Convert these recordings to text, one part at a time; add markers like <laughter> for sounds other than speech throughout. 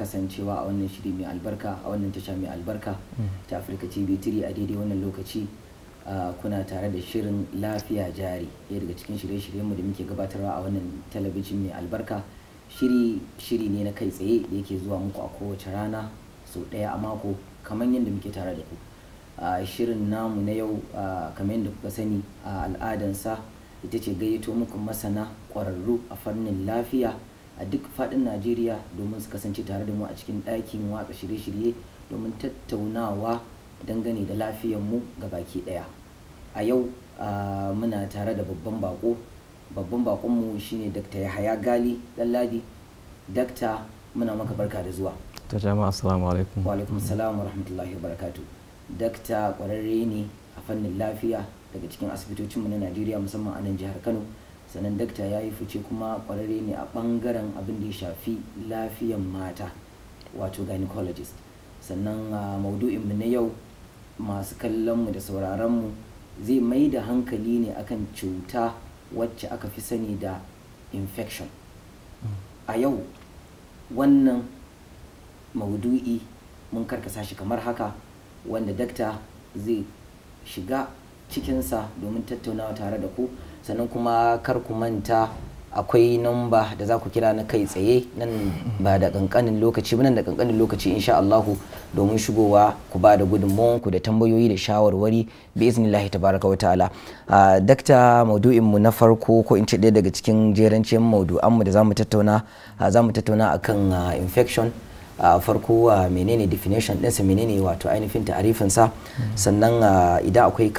kasancewa a wannan shiri mai albarka a wannan tasha mai albarka mm. ta afirka tv 3 a daidai wannan lokaci kuna tare da shirin lafiya jari ya daga cikin shirye-shiryenmu da muke gabatarwa a wannan talabijin mai albarka shiri shiri ne na kai tsaye da yake zuwa muku a kowace rana sau ɗaya a mako kamar yadda muke tare da ku shirin namu na yau kamar yadda kuka sani a al'adansa ita ce gayyato muku masana kwararru a fannin lafiya a duk fadin najeriya domin su kasance tare da mu a cikin ɗakin watsa shirye-shirye domin tattaunawa dangane da mu ga baki ɗaya a yau muna tare da babban bako babban bakonmu shine dr yahaya gali ɗanladi dakta muna maka barka da zuwa ta jama'a assalamu alaikum wa alaikum salam wa rahmatullahi wa barakatu dakta kwararre ne a fannin lafiya daga cikin asibitocinmu na najeriya musamman a nan jihar kano sannan dakta ya yi fice kuma kwararre ne a bangaren abin da ya shafi lafiyan mata wato gynecologist sannan ah, maudu'in mu na yau masu kallonmu da sauraronmu zai mai da hankali ne akan cuta wacce aka fi sani da infection a yau wannan maudu'i mun karkasa shi kamar haka wanda dakta zai shiga cikinsa domin tattaunawa tare da ku sannan kuma kar ku manta akwai namba da za ku kira na kai tsaye nan ba da kankanin lokaci ba nan da kankanin lokaci insha Allahu domin shigowa ku ba da ku da tambayoyi da shawarwari bi iznillahi tabaraka wa ta'ala dakta maudu'in mu na farko ko in ce ɗaya daga cikin jerancin maudu'an mu da zamu tattauna zamu tattauna akan infection farko menene definition ɗinsa menene wato ainihin ta'arifin sa sannan idan akwai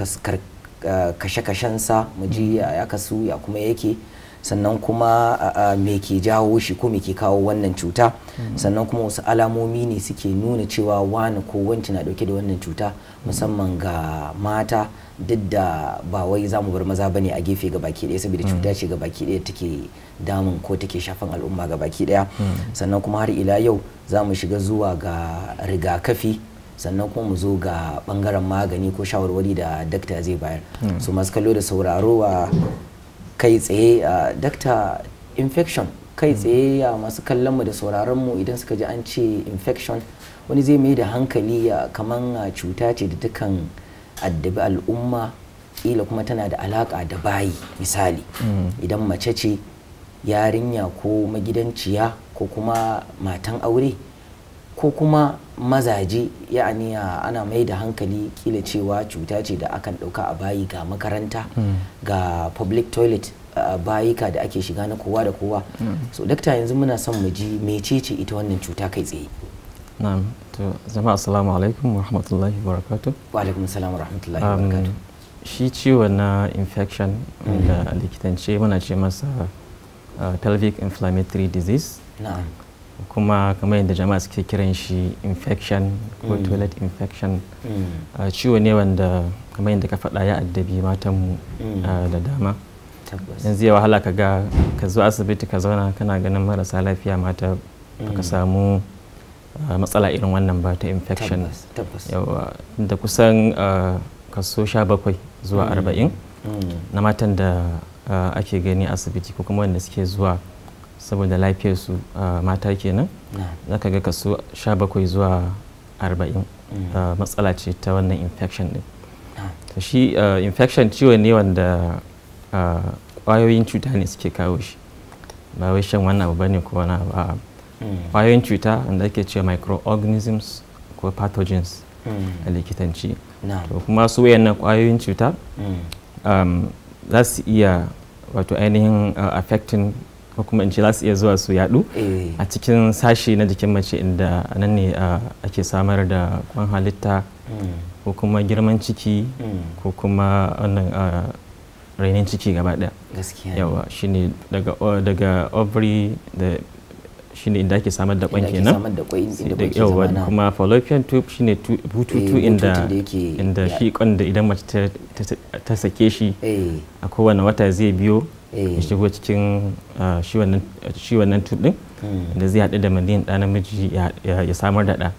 kashe-kashensa mu ji ya kasu ya kuma yake sannan kuma me ke jawo shi ko me ke kawo wannan cuta mm-hmm. sannan kuma wasu alamomi ne suke nuna cewa wani ko wanci na dauke da wannan cuta musamman ga mata duk da ba wai za mu bar maza ba ne a gefe ga baki daya saboda cuta mm-hmm. ce ga baki daya take damun ko take shafan al'umma ga baki daya mm-hmm. sannan kuma har ila yau za mu shiga zuwa ga rigakafi sannan kuma mu zo ga bangaren magani ko shawarwari da dakta zai bayar hmm. su masu kallo da sauraro a kai tsaye a dakta infection kai hmm. tsaye a masu kallon mu da sauraron mu idan suka ji an ce infection wani zai mai da hankali kamar cuta ce da takan addabi al'umma ila kuma tana da alaka da bayi misali hmm. idan mace ce yarinya ko magidanciya ko kuma matan aure ko kuma mazaje ya'ani ana mai da hankali kila cewa cuta ce da akan ɗauka a bayi ga makaranta hmm. ga public toilet bayika da ake shiga na kowa da kowa hmm. so dakta yanzu muna son mu ji mecece ita wannan cuta kai tsaye na'am to jama'a assalamu alaikum wa rahmatullahi wa barakatuh wa alaikum assalam wa rahmatullahi wa barakatuh um, shi ciwo na infection da hmm. likitance muna ce masa uh, pelvic inflammatory disease na'am kuma kamar yadda jama'a suke kiran shi infection ko mm. toilet infection mm. ah, ciwo ne wanda kamar yadda ka faɗa ya addabi matanmu mm. ah, da dama yanzu ya wahala ka ga ka zo asibiti ka zauna kana ganin marasa lafiya mata baka samu ah, matsala irin wannan ba ta infection da kusan kaso sha bakwai zuwa arba'in na matan da ake gani asibiti ko kuma wanda suke zuwa saboda lafiyar su mata kenan za ka ga kaso 17 zuwa 40 mm. matsala ce ta wannan infection din shi infection ciwon ne wanda kwayoyin cuta ne suke kawo shi ba wai shan wannan abu bane ko wani abu kwayoyin mm. cuta wanda ake cewa microorganisms ko pathogens mm. a likitanci to kuma su wayannan kwayoyin cuta um, za su iya wato ainihin affecting ko kuma in ce za su iya zuwa su yadu eh. a cikin sashi na jikin mace inda nan ne ake samar da kwan halitta hmm. ko kuma girman ciki hmm. ko kuma wannan rainin ciki gaba daya yawa shine daga ovary da shine inda ake samar da kwan kenan yawa kuma fallopian tube shine bututu eh, inda inda shi kwan da idan mace ta sake shi eh. a kowane wata zai biyo Eh. ya shigo cikin ah, shi wannan tudin hmm. da zai haɗu da maniyan ɗa namiji ya samar da ɗa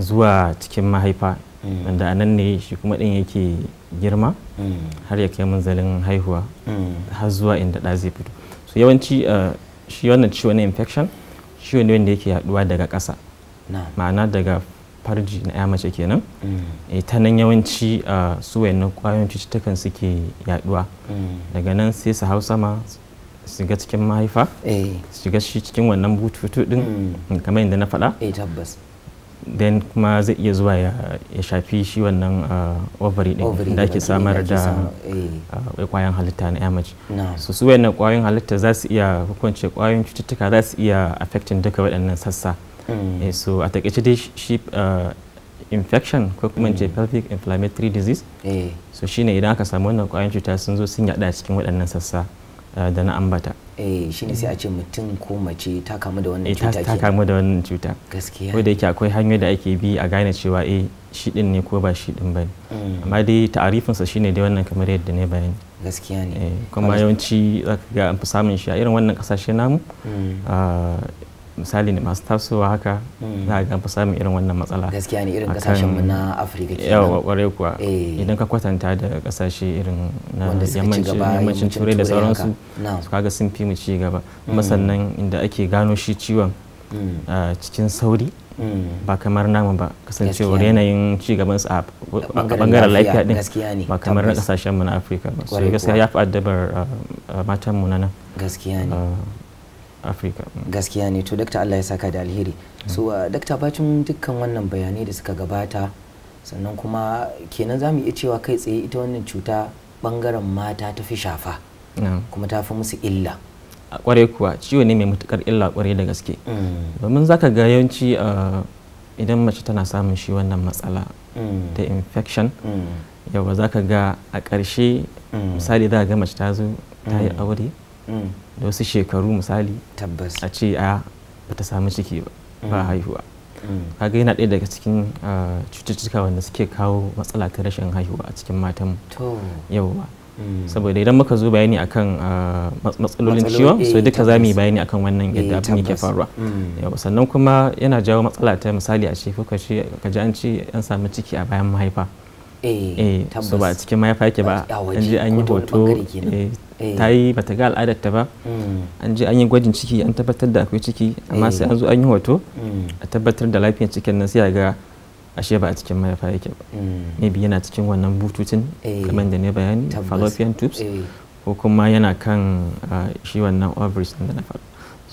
zuwa cikin mahaifa hmm. wanda a nan ne shi kuma ɗin yake girma hmm. har ya kai manzalin haihuwa har zuwa inda ɗa zai fito so yawanci ah, shi wannan ciwon na infection Shi ne wanda yake yaduwa daga ƙasa ma'ana daga farji na ya mace kenan mm. eh, ta nan yawanci su na kwayoyin cututtukan suke yaduwa mm. daga nan sai su hau sama su ga cikin mahaifa eh. su shiga shi cikin wannan bututu din mm. kamar yadda na faɗa eh, then kuma zai iya zuwa ya shafi shi wannan ovary din da ake samar da kwayan halitta na mace su su wayannan kwayoyin halitta za su iya hukunce kwayoyin cututtuka za su iya affecting duka waɗannan sassa Mm. Eh, so a takaice dai shi uh, infection ko kuma ce mm. pelvic inflammatory disease eh. so shine idan aka samu wannan kwayan cuta sun zo sun yada cikin waɗannan sassa uh, da na ambata eh shine sai a ce mutum ko mace ta kamu da wannan eh, cuta ta kamu da wannan cuta gaskiya ko da yake akwai hanyoyi da ake bi a gane cewa eh shi din ne ko ba shi din bane mm. amma dai ta'arifin sa shine dai wannan kamar yadda ne bayani gaskiya ne kuma yawanci zaka ga an fi samun shi a irin wannan kasashe namu ah, misali ne masu tasowa haka hmm. za a gamfa samun irin wannan matsala gaskiya ne irin kasashen mu na afirka ke yawa kwarai kuwa eh. idan ka kwatanta da kasashe irin na yammacin turai da sauransu su kaga sun fi mu ci gaba kuma hmm. sannan inda ake gano shi ciwon hmm. cikin sauri ba kamar namu ba kasancewar yanayin ci gaban su a bangaren lafiya din ba kamar na kasashen mu na afirka ba so gaskiya ya fi addabar matan mu na nan gaskiya ne afirka mm. gaskiya ne to dakta allah ya saka da alheri mm. so uh, dakta bacin dukkan wannan bayanai da suka gabata sannan kuma kenan za mu iya cewa kai tsaye ita wannan cuta bangaren mata ta fi shafa kuma ta fi musu illa a kwarai kuwa ciwo ne mai matukar illa kwarai da gaske mm. domin zaka ga yawanci uh, idan mace tana samun shi wannan matsala ta infection yawa zaka ga a ƙarshe misali za ga mace ta zo ta yi aure da wasu shekaru misali tabbas a ce a ta samu ciki ba ba mm. haihuwa mm. kaga yana ɗaya daga cikin ah, cututtuka wanda suke kawo matsala ta rashin haihuwa a cikin matan yawa mm. saboda idan muka zo bayani akan ah, matsalolin ciwon so eh, duka za mu yi bayani akan wannan eh, yadda abin yake faruwa sannan kuma yana jawo matsala ta misali a ce ko ka ji an ce an samu ciki a bayan mahaifa eh, eh ba cikin mahaifa yake ba an je an yi hoto eh, eh. ta yi bata ga al'adar ta ba hmm. an je an yi gwajin ciki an tabbatar da akwai ciki amma sai an zo an yi hoto hmm. a tabbatar da lafiyar cikin nan sai ga ashe ba a cikin mahaifa yake ba hmm. maybe yana cikin wannan bututun kamar da ne bayani fallopian tubes ko kuma yana kan ah, shi wannan ovaries da na faru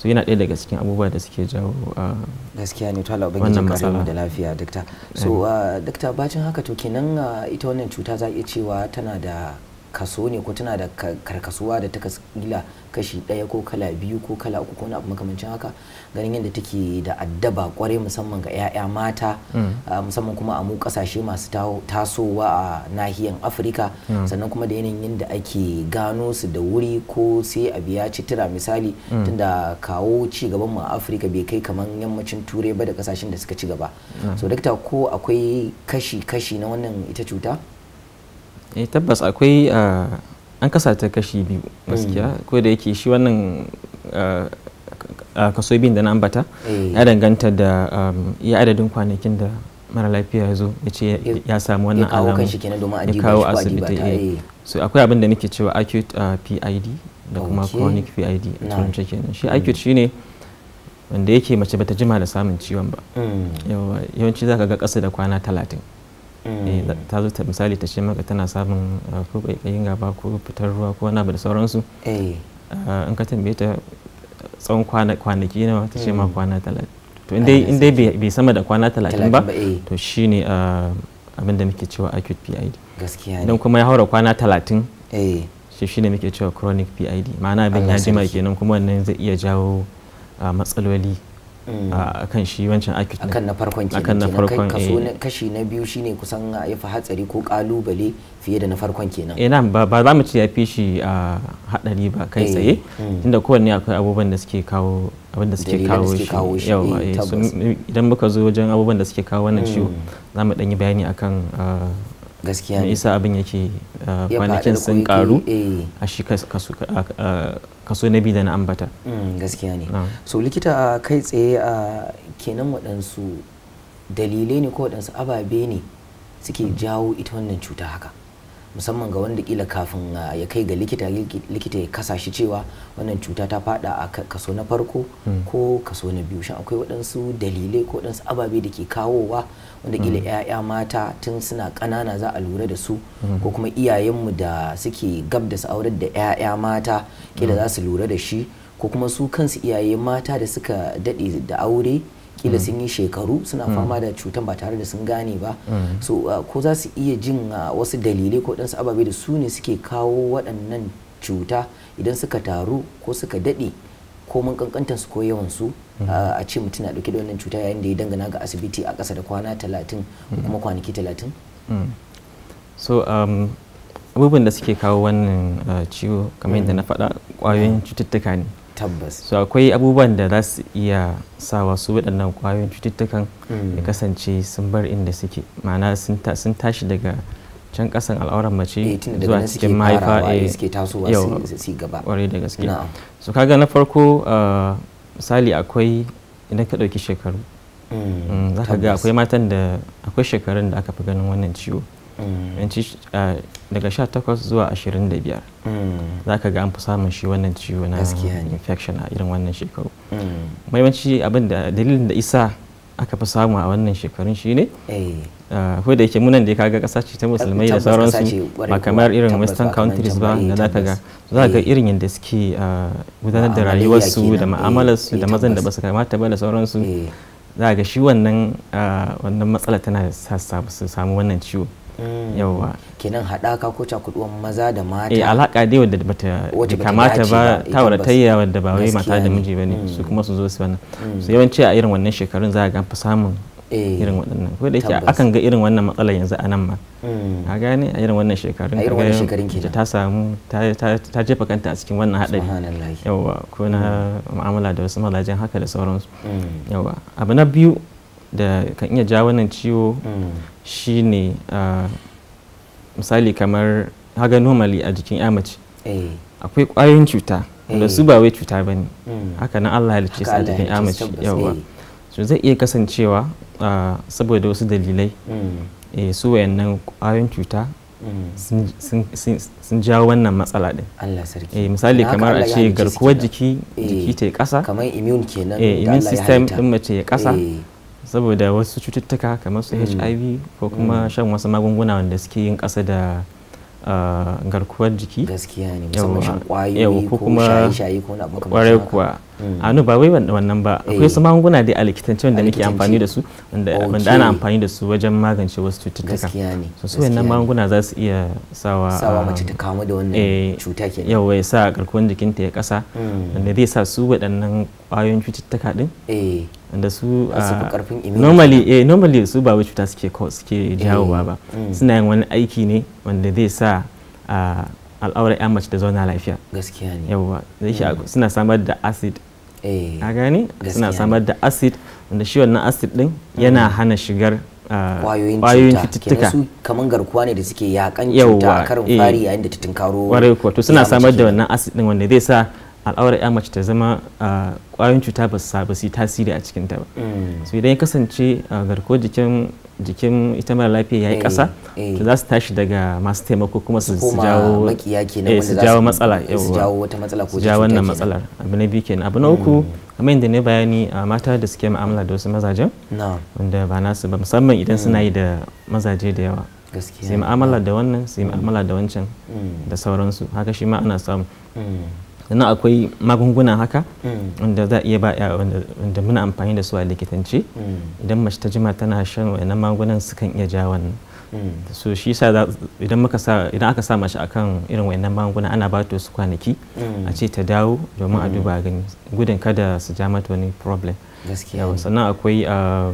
so yana ɗaya daga cikin abubuwa da suke jawo a ah, gaskiya ne to Allah ubangiji kare mu da lafiya dakta so ah, dakta bacin haka to kenan ah, ita wannan cuta za iya cewa tana da kaso ne ko tana da karkasuwa da ta kila kashi ɗaya ko kala biyu ko kala uku ko na abu makamancin haka ganin yadda take da addaba kwarai musamman ga 'ya'ya mata mm. musamman kuma a mu kasashe masu tasowa a nahiyan afirka mm. sannan kuma da yanayin yadda ake gano su da wuri ko sai a biya citira misali mm. tunda kawo ci gaban mu a afirka bai kai kamar yammacin turai ba da kasashen da suka ci gaba so dakta ko akwai kashi-kashi na wannan ita cuta eh tabbas akwai an kasa ta kashi biyu gaskiya mm. ko da yake shi wannan kaso biyun da na ambata mm. ya danganta da um, ya adadin kwanakin da mara lafiya ya zo ya ce ya samu wannan alamu ya kawo asibiti eh. Eh. so akwai abin da nake cewa acute uh, pid da kuma chronic pid a turanci kenan shi mm. acute shine wanda yake mace bata jima da samun ciwon ba yawanci zaka ga kasa da kwana talatin Eh, ta zo ta misali ta ce maka tana samun ah, ko kaikayin gaba ko fitar ruwa ko wani abu da sauransu eh. ah, in ka tambaye ta tsawon kwanaki nawa ta ce ma hmm. kwana talatin to in dai bai sama da kwana talatin ba eh. to shine ah, abin da muke cewa acute pid gaskiya idan kuma ya haura kwana talatin shi shine muke cewa chronic pid ma'ana abin ya jima kenan kuma wannan zai iya jawo matsaloli Mm. a ah, kan shi wancan akit akan na farkon kenan akan na farkon kaso eh. kashi na biyu shine kusan ya fi hatsari ko kalubale fiye da na farkon kenan eh ba ba za mu ce ya fi shi a hadari ba kai eh, tsaye mm. tunda kowanne akwai abubuwan da suke kawo abin da suke kawo shi yawa eh, idan muka zo wajen abubuwan da suke kawo wannan mm. ciwo za mu dan yi bayani akan gaskiya ne isa abin yake eh, kwanakin sun karu eh. a shi kaso na biyu da na ambata mm, gaskiya ne so likita kai tsaye a kenan waɗansu dalilai ne ko waɗansu ababe ne suke mm. jawo ita wannan cuta haka musamman ga wanda kila kafin ah, ya kai ga likita likita ya kasa shi cewa wannan cuta ta fada a kaso na farko hmm. ko kaso na biyu shin akwai waɗansu dalilai ko waɗansu ababe da ke kawowa wanda kila 'ya'ya hmm. mata tun suna ƙanana za a lura da su hmm. ko kuma iyayenmu da suke gab da su aurar da 'ya'ya mata kila za su lura da shi ko kuma su kansu iyaye mata da suka daɗe da aure kila mm. sun yi shekaru suna mm. fama da cutan ba tare da sun gane ba mm. so uh, ko za su iya jin uh, wasu dalilai ko ɗansu ababe da su ne suke kawo waɗannan cuta idan suka taru ko suka daɗe ko mun kankantar su ko yawan su uh, a ce mutum na dauke da wannan cuta yayin da ya dangana ga asibiti a kasa da kwana talatin kuma kwanaki talatin so um, abubuwan da suke kawo wannan ciwo kamar yadda na faɗa ƙwayoyin cututtuka ne tabbas so akwai abubuwan da za su iya sawa su waɗannan ƙwayoyin cututtukan hmm. ya kasance sun bar inda suke ma'ana sun tashi daga can kasan al'auran mace eh, zuwa cikin mahaifa eh, a yau ƙwarai da gaske so kaga na farko ah, misali akwai idan ka ɗauki shekaru hmm, hmm, za ka ga akwai matan da akwai shekarun da aka fi ganin wannan ciwo Mm. yanci daga 18 zuwa 25 za ka ga an fi samun shi wannan ciwo na infection a irin wannan shekaru mm. Maimaci abin dalilin da isa aka fi samu a wannan shekarun shi ne eh. ko da yake munan da ya kaga kasa ce ta musulmai da sauransu ba kamar irin western countries ba da za ka ga za ga eh. irin yadda suke gudanar da rayuwarsu da eh, ma'amalarsu da mazan da ba su kamata ba da sauransu za ga shi wannan matsala tana sa su samu wannan ciwo Mm. yawa kenan haɗaka ko cakuɗuwan maza da mata eh alaka dai wadda bata kamata ba ta wadatayya wadda ba wai mata da miji bane mm. su kuma su zo su wannan mm. su yawanci a irin wannan shekarun za ga fi samun eh. irin waɗannan ko da yake akan ga irin wannan matsalar yanzu a nan ma a gane a irin wannan shekarun da ta samu ta jefa kanta a cikin wannan haɗari yawa ko na mu'amala da wasu malajin haka da sauransu yawa abu na biyu da kan iya ja wannan ciwo mm. Shi ne misali kamar haga normally a jikin mace eh. akwai kwayoyin cuta da eh. su ba wai cuta ba ne mm. haka nan allah halice su a jikin mace yawa eh. so zai iya kasancewa saboda wasu dalilai mm. su wayannan kwayoyin cuta sun jawo wannan matsala din misali kamar a ce garkuwar jiki jiki ta yi kasa kamar immune kenan eh immune system din mace ya kasa saboda wasu cututtuka kamar su mm. hiv ko kuma mm. shan wasu magunguna wanda suke yin ƙasa da ah, garkuwar jiki gaskiya ne musamman shan kwayoyi ko kuma shayi ko abu kwarai kuwa mm. a ah, ba wai wannan ba akwai eh. su magunguna dai a likitance wanda muke amfani da su wanda ana amfani da su wajen magance wasu cututtuka gaskiya ne so su wannan magunguna za su iya sawa sawa ah, mace ta kamu da wannan eh, cuta kenan yawa ya sa garkuwar jikinta ya kasa wanda zai sa su waɗannan kwayoyin cututtuka din eh. da su ah, normally eh normally su ba wai cuta suke suke jawowa ba mm, mm. suna yin wani aiki ne wanda zai sa ah, al'aura ya mace da zauna lafiya gaskiya ne yawa mm. suna samar da acid eh, a gani suna samar da acid wanda shi wannan acid din yana hana shigar kwayoyin ah, cututtuka kamar garkuwa ne da suke yakan cuta a karin eh. fari yayin da ta karo wato to suna samar da wannan acid din wanda zai sa al'aurar ya mace ta zama kwayoyin cuta ba su tasiri a cikin ta ba mm. su idan ya kasance garko jikin jikin ita mara lafiya ya yi ƙasa mm, mm. to za su tashi daga masu taimako kuma su eh, jawo su jawo matsala su jawo matsala wannan matsalar abu na biyu kenan abu na uku kamar yadda ne bayani mata da suke ma'amala da wasu mazajen wanda ba nasu ba musamman idan suna yi da mazaje da yawa sai ma'amala da wannan sai ma'amala da wancan da sauransu haka shi ma ana samu sannan akwai magunguna haka mm. wanda za a iya ba wanda muna amfani da su a likitanci. Mm. idan mace ta jima tana shan wannan magungunan sukan iya ja wannan mm. so shi sa idan muka sa idan aka sa mace akan irin wayannan magunguna ana ba su kwanaki a ce ta dawo domin a duba gani gudun kada su ja mata wani problem gaskiya sannan akwai ah,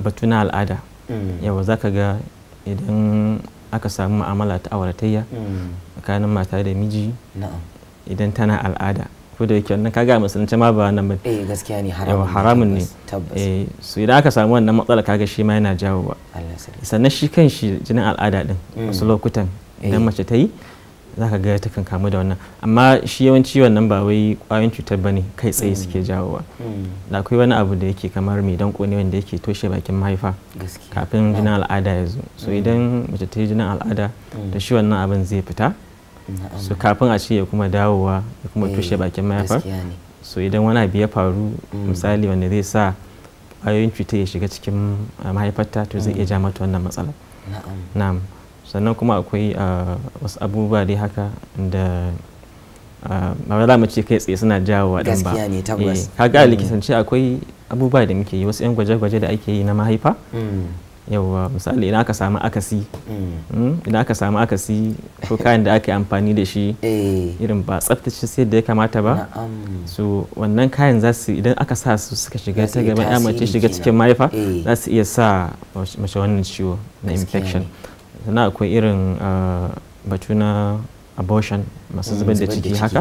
batuna na al'ada yawa zaka ga idan aka samu ma'amala ta auratayya mm. tsakanin mata da miji idan tana al'ada ko da yake wannan kaga musulunci ma ba nan ba eh gaskiya ne haramun ne eh so idan aka samu wannan matsala kaga shi ma yana jawowa sannan shi kan shi jinin al'ada din mm. wasu lokutan idan eh. mace ta yi za ka ga takan kamu da wannan amma shi yawanci wannan ba wai kwayoyin cutar bane kai tsaye mm. suke jawowa mm. da akwai wani abu da yake kamar mai danko ne wanda yake toshe bakin mahaifa kafin ah. jinin al'ada ya zo so mm. idan mace ta yi jinin al'ada da shi wannan abin zai fita so kafin a ce ya kuma dawowa ya kuma eh, toshe bakin mahaifa so idan wani abu ya faru misali wanda zai sa kwayoyin cutar ya shiga cikin eh, mahaifarta to zai iya ja mata wannan matsala na'am sannan kuma akwai ah, wasu abubuwa dai haka da ah, ba za mu ce kai tsaye suna jawowa ɗan ba eh, mm. likitance akwai abubuwa da muke yi wasu yan gwaje-gwaje da ake yi na mahaifa mm. yawwa misali idan aka samu akasi mm. hmm? idan aka samu akasi ko kayan da aka yi amfani da shi <laughs> eh. irin ba tsaftace sai da ya kamata ba so wannan kayan za su idan aka sa su suka shiga ta gaba ya mace shiga cikin mahaifa eh. za su iya sa mace wannan ciwo na infection sannan akwai irin ah, batu na abortion masu mm, zubar da ciki haka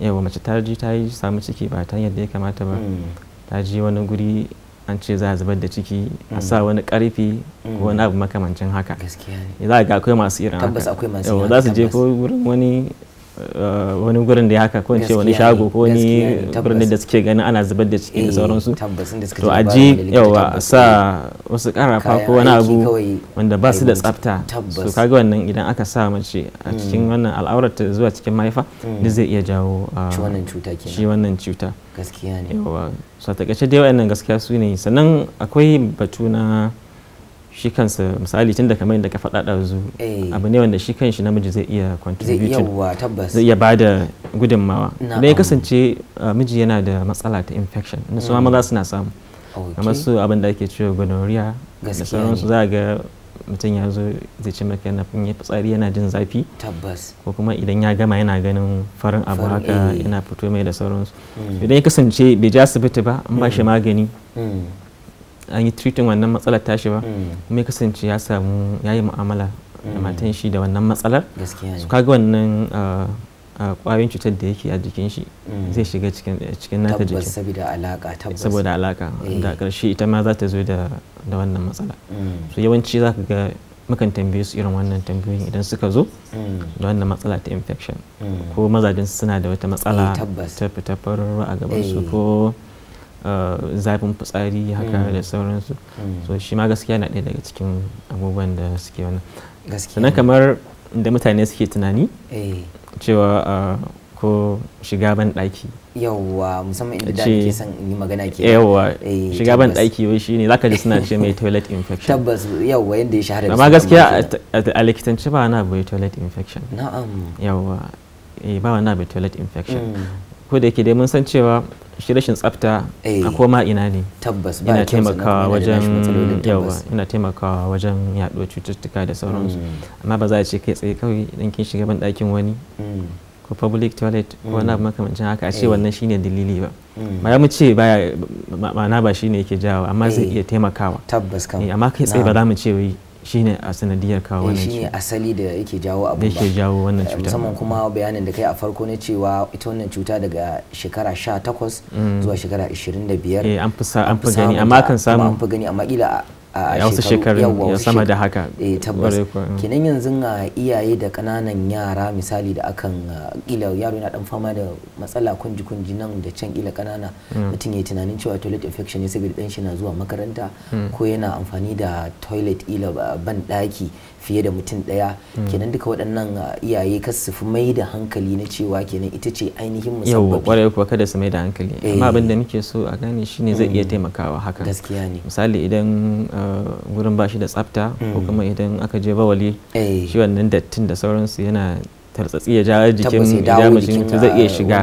yawa mace ta ji ta yi samu ciki ba ta yadda ya kamata ba mm. ta ji wani guri an ce za a zubar da ciki a mm. sa wani karfi ko wani abu makamancin haka za a ga akwai masu irin haka za su je ko wurin wani Eh, wani gurin da ya haka ko ce wani shago ko wani gurin da suke ganin ana zubar da ciki da eh, sauransu to a ji yawa sa wasu karafa ko wani abu wanda ba su da eh, tsafta su kaga wannan idan aka sa mace a mm. cikin wannan al'aurar ta zuwa cikin mahaifa mm. duk zai iya jawo ah, shi wannan cuta gaskiya ne yawa so ta takaice dai wayannan gaskiya su ne sannan akwai batu na shi kansa misali tun da kamar yadda ka faɗa ɗazu eh. abu ne wanda shi kanshi namiji zai iya contributing zai iya ba da gudunmawa da ya kasance uh, miji yana da matsala ta infection na suwa mm. maza suna samu kamar su abin da ake cewa gonorrhea da sauransu za a ga mutum ya zo zai ci maka yana ya fitsari yana jin zafi tabbas ko kuma idan ya gama yana ganin farin abu haka eh. yana fito mai da sauransu mm. idan ya kasance bai ji asibiti ba an ba shi mm. magani an yi treating wannan matsalar tashi ba hmm. kuma ya kasance ya samu ya yi mu'amala da hmm. matan shi da wannan matsalar su kaga wannan kwayoyin uh, uh, cutar da yake a jikin shi hmm. zai shiga cikin nata jikin saboda alaka eh. da karshe ita ma za ta zo da wannan matsala so yawanci za ka ga mukan tambaye su irin wannan tambayoyin idan suka zo da wannan matsala ta infection ko mazajen suna da wata matsala eh, ta fitafar a gaban su eh. ko Eh, zafin fitsari haka hmm. da sauransu hmm. so shi ma gaskiya na ɗaya daga cikin abubuwan da suke wannan sannan kamar da mutane suke tunani eh. cewa eh, ko shiga ban ɗaki yawwa musamman inda da ke son yi magana ke yawwa shiga ban ɗaki wai shine zaka ji suna ce mai toilet infection tabbas yawwa yanda ya shahara amma gaskiya a likitanci ba na bai toilet infection na'am yawwa ba na bai toilet infection hmm. ko da yake dai mun san cewa shi rashin tsafta eh, a koma ina ne tabbas ba taimakawa wajen yawa ina taimakawa wajen yaduwar cututtuka da sauransu mm. amma ba za a ce kai tsaye kawai idan kin shiga ban ɗakin wani mm. ko public toilet ko wani mm. abu makamancin haka a ce eh. wannan shine dalili ba ba ya mu ce baya ma'ana ba shine yake jawo amma zai eh. iya taimakawa tabbas amma kai tsaye ba za mu ce wai shine a sanadiyar kawo wannan eh, shine asali da yake jawo abu yake jawo wannan eh, cuta musamman kuma bayanin da kai a farko ne cewa ita wannan cuta daga shekara 18 mm. zuwa shekara 25 eh an fi gani amma kan samu an fi gani amma kila a shekaru ya sama da haka eh, tabbas mm. kenan yanzu a iyaye da kananan yara misali da akan kila uh, yaro yana dan fama da matsala kunji kunji nan da can kila kanana mm. mutum ya tunanin cewa toilet infection ne saboda dan shi na zuwa makaranta mm. ko yana amfani da toilet ila uh, ban daki fiye da mutum daya kenan duka waɗannan uh, iyaye kas su fi mai da hankali na cewa kenan ita ce ainihin musabbabi yawa kwarai kuwa kada su mai da hankali amma eh. abin da muke so a gane shine zai iya taimakawa haka gaskiya ne misali idan gurin eh, bashi da tsafta ko hmm. kuma idan aka je bawali eh. shi wannan dattin da sauransu yana tartsatsi ya ja jikin jamusin to zai iya shiga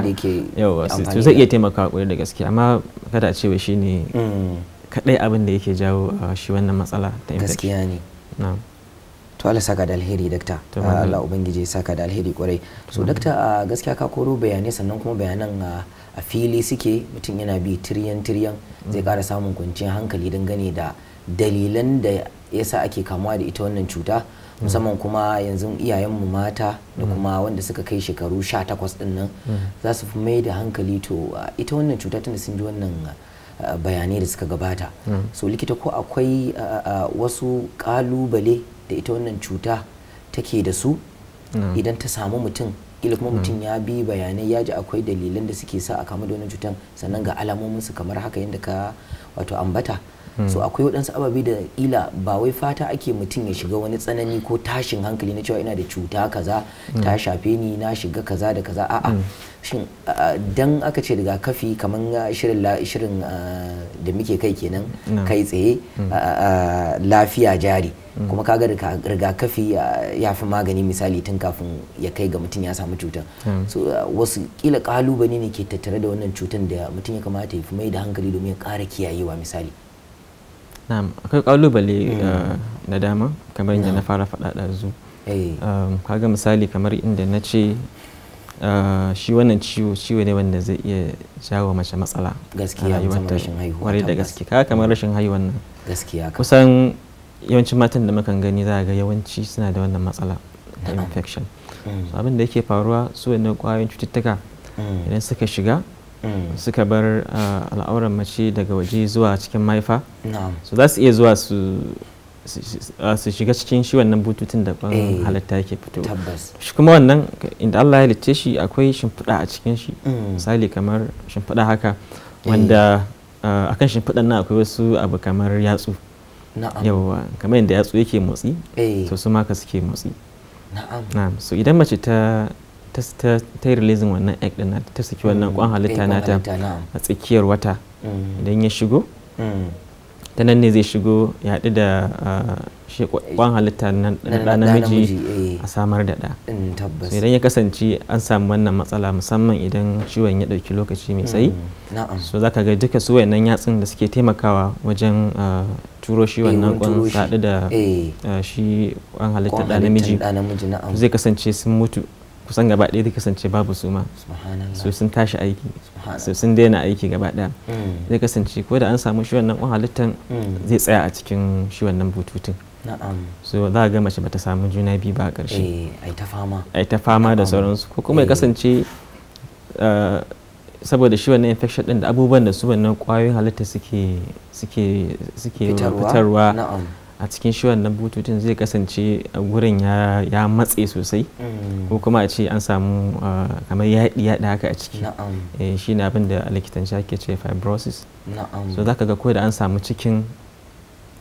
yawa to zai iya taimaka kwarai da gaske amma kada a cewa shi ne hmm. kadai abin da yake jawo ah, shi wannan matsala ta gaskiya ne to Allah saka da alheri dakta Allah ubangiji saka da alheri kwarai so dakta ah, gaskiya ka koro bayanai sannan kuma bayanan ah, a fili suke mutum yana bi tiryan tiryan zai kara hmm. samun kwanciyar hankali dangane da dalilan da ya sa ake kamuwa da ita wannan cuta mm. musamman kuma yanzu iyayenmu mata da mm. kuma wanda suka kai shekaru 18 din nan mm. za su mai da hankali to ita wannan cuta tunda sun ji wannan bayanai da suka gabata so likita ko akwai wasu kalubale da ita wannan cuta take da su idan ta samu mutum kila kuma mutum ya bi bayanai ya ji akwai dalilan da suke sa a kamu da wannan cutan sannan ga alamomin su kamar haka yadda ka wato ambata so akwai waɗansu ababe da ƙila ba wai fata ake mutum ya shiga wani tsanani ko tashin hankali na cewa ina da cuta kaza ta mm. shafe ni na shiga kaza da kaza a'a mm. shin dan aka ce rigakafi kamar shirin shirin da muke kai kenan kai tsaye mm. lafiya jari kuma kaga rigakafi ya fi magani misali tun kafin ya kai ga mutum ya samu cutar so wasu kila kalubale ne ke tattare da wannan cutar da mutum ya kamata ya fi mai da hankali domin ya kara kiyayewa misali na'am akwai kalubale hmm. eh, na dama kamar yadda na hmm. fara faɗa ɗazu eh. ehm, kaga misali kamar inda na ce eh, shi wannan ciwo ciwo ne wanda zai iya jawo mace matsala gaskiya rashin haihuwa Ware da gaske kaga kamar rashin haihuwa nan gaskiya kusan yawancin matan da mukan gani za a ga yawanci suna da wannan matsala infection hmm. abin da yake faruwa su wannan kwayoyin cututtuka idan suka shiga Mm. suka bar ah, al'auran mace daga waje zuwa cikin mahaifa su za su iya zuwa su ah, su shiga cikin shi wannan bututun da ban eh, halatta yake fito shi kuma wannan inda Allah ya halicce shi akwai shimfiɗa a cikin shi mm. misali kamar shimfiɗa haka eh. wanda ah, akan shimfiɗan nan akwai wasu abu kamar yatsu yawa kamar yadda yatsu yake motsi eh. to su maka suke motsi na'am so idan mace ta ta yi releasing wannan egg dana ta saki wannan mm, kwan halitta nata a tsakiyar wata mm. idan ya shigo mm. ta nan ne zai shigo ya haɗu da ah, eh, kwan halitta na ɗa namiji eh. a samar da ɗa idan ya kasance an samu wannan matsala musamman idan ciwon ya ɗauki lokaci mai tsayi so za ka ga duka su wayannan yatsun da suke taimakawa wajen ah, turo shi eh, wannan kwan saɗu da ah, shi kwan halitta ɗa namiji zai kasance sun mutu kusan gaba ɗaya ta kasance babu su ma su sun tashi aiki su sun daina aiki gaba ɗaya hmm. zai kasance ko da an samu shi wannan halittan hmm. zai tsaya a cikin shi wannan bututun so za ga mace bata samu juna biyu ba a ƙarshe eh, ai ta fama da sauransu ko kuma ya eh. kasance uh, saboda shi wannan infection din da abubuwan da su wannan kwayoyin halitta suke fitarwa a cikin shi wannan bututun zai kasance gurin ya matse sosai mm. ko kuma a ce an samu kamar yaɗi yaɗa haka a ciki eh, shi na abin da likitan ake ce fibrosis so za ka ga ko da an samu cikin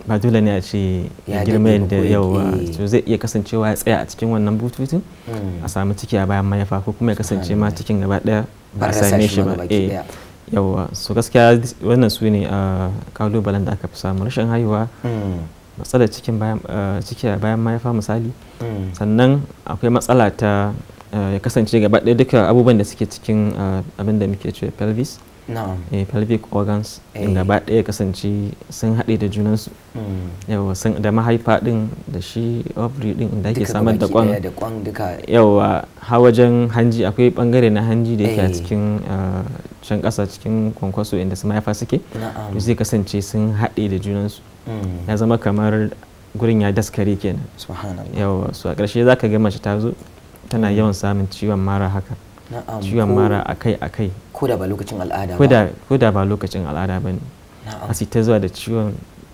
ba dole ne a ce girman da yawa So zai iya kasancewa ya tsaya a cikin wannan bututun mm. a samu ciki a bayan mayafa ko kuma ya kasance ma cikin gaba daya ba a same shi ba eh, yawa so gaskiya wannan su ne a kalubalen da aka fi samu rashin haihuwa mm. matsala cikin eh, bayan mahaifa misali hmm. sannan akwai matsala ta eh, ya kasance gaba ɗaya duka abubuwan da suke cikin eh, abin da muke ce pelvis pelvic organs gaba ɗaya ya kasance sun haɗe da junansu hmm. yawa sun da mahaifa ɗin da shi ovary ɗin da ake samar da kwan yawa ha wajen hanji akwai ɓangare na hanji da yake a cikin can ƙasa cikin kwankwaso inda su mahaifa suke zai kasance sun haɗe da junansu Mm. ya zama kamar gurin ya daskare kenan yawa su a ƙarshe za ka ga mace ta zo tana mm. yawan samun ciwon mara haka ciwon mara akai akai ko da ba lokacin al'ada ba ko da ba lokacin al'ada ba ne asi ta zuwa da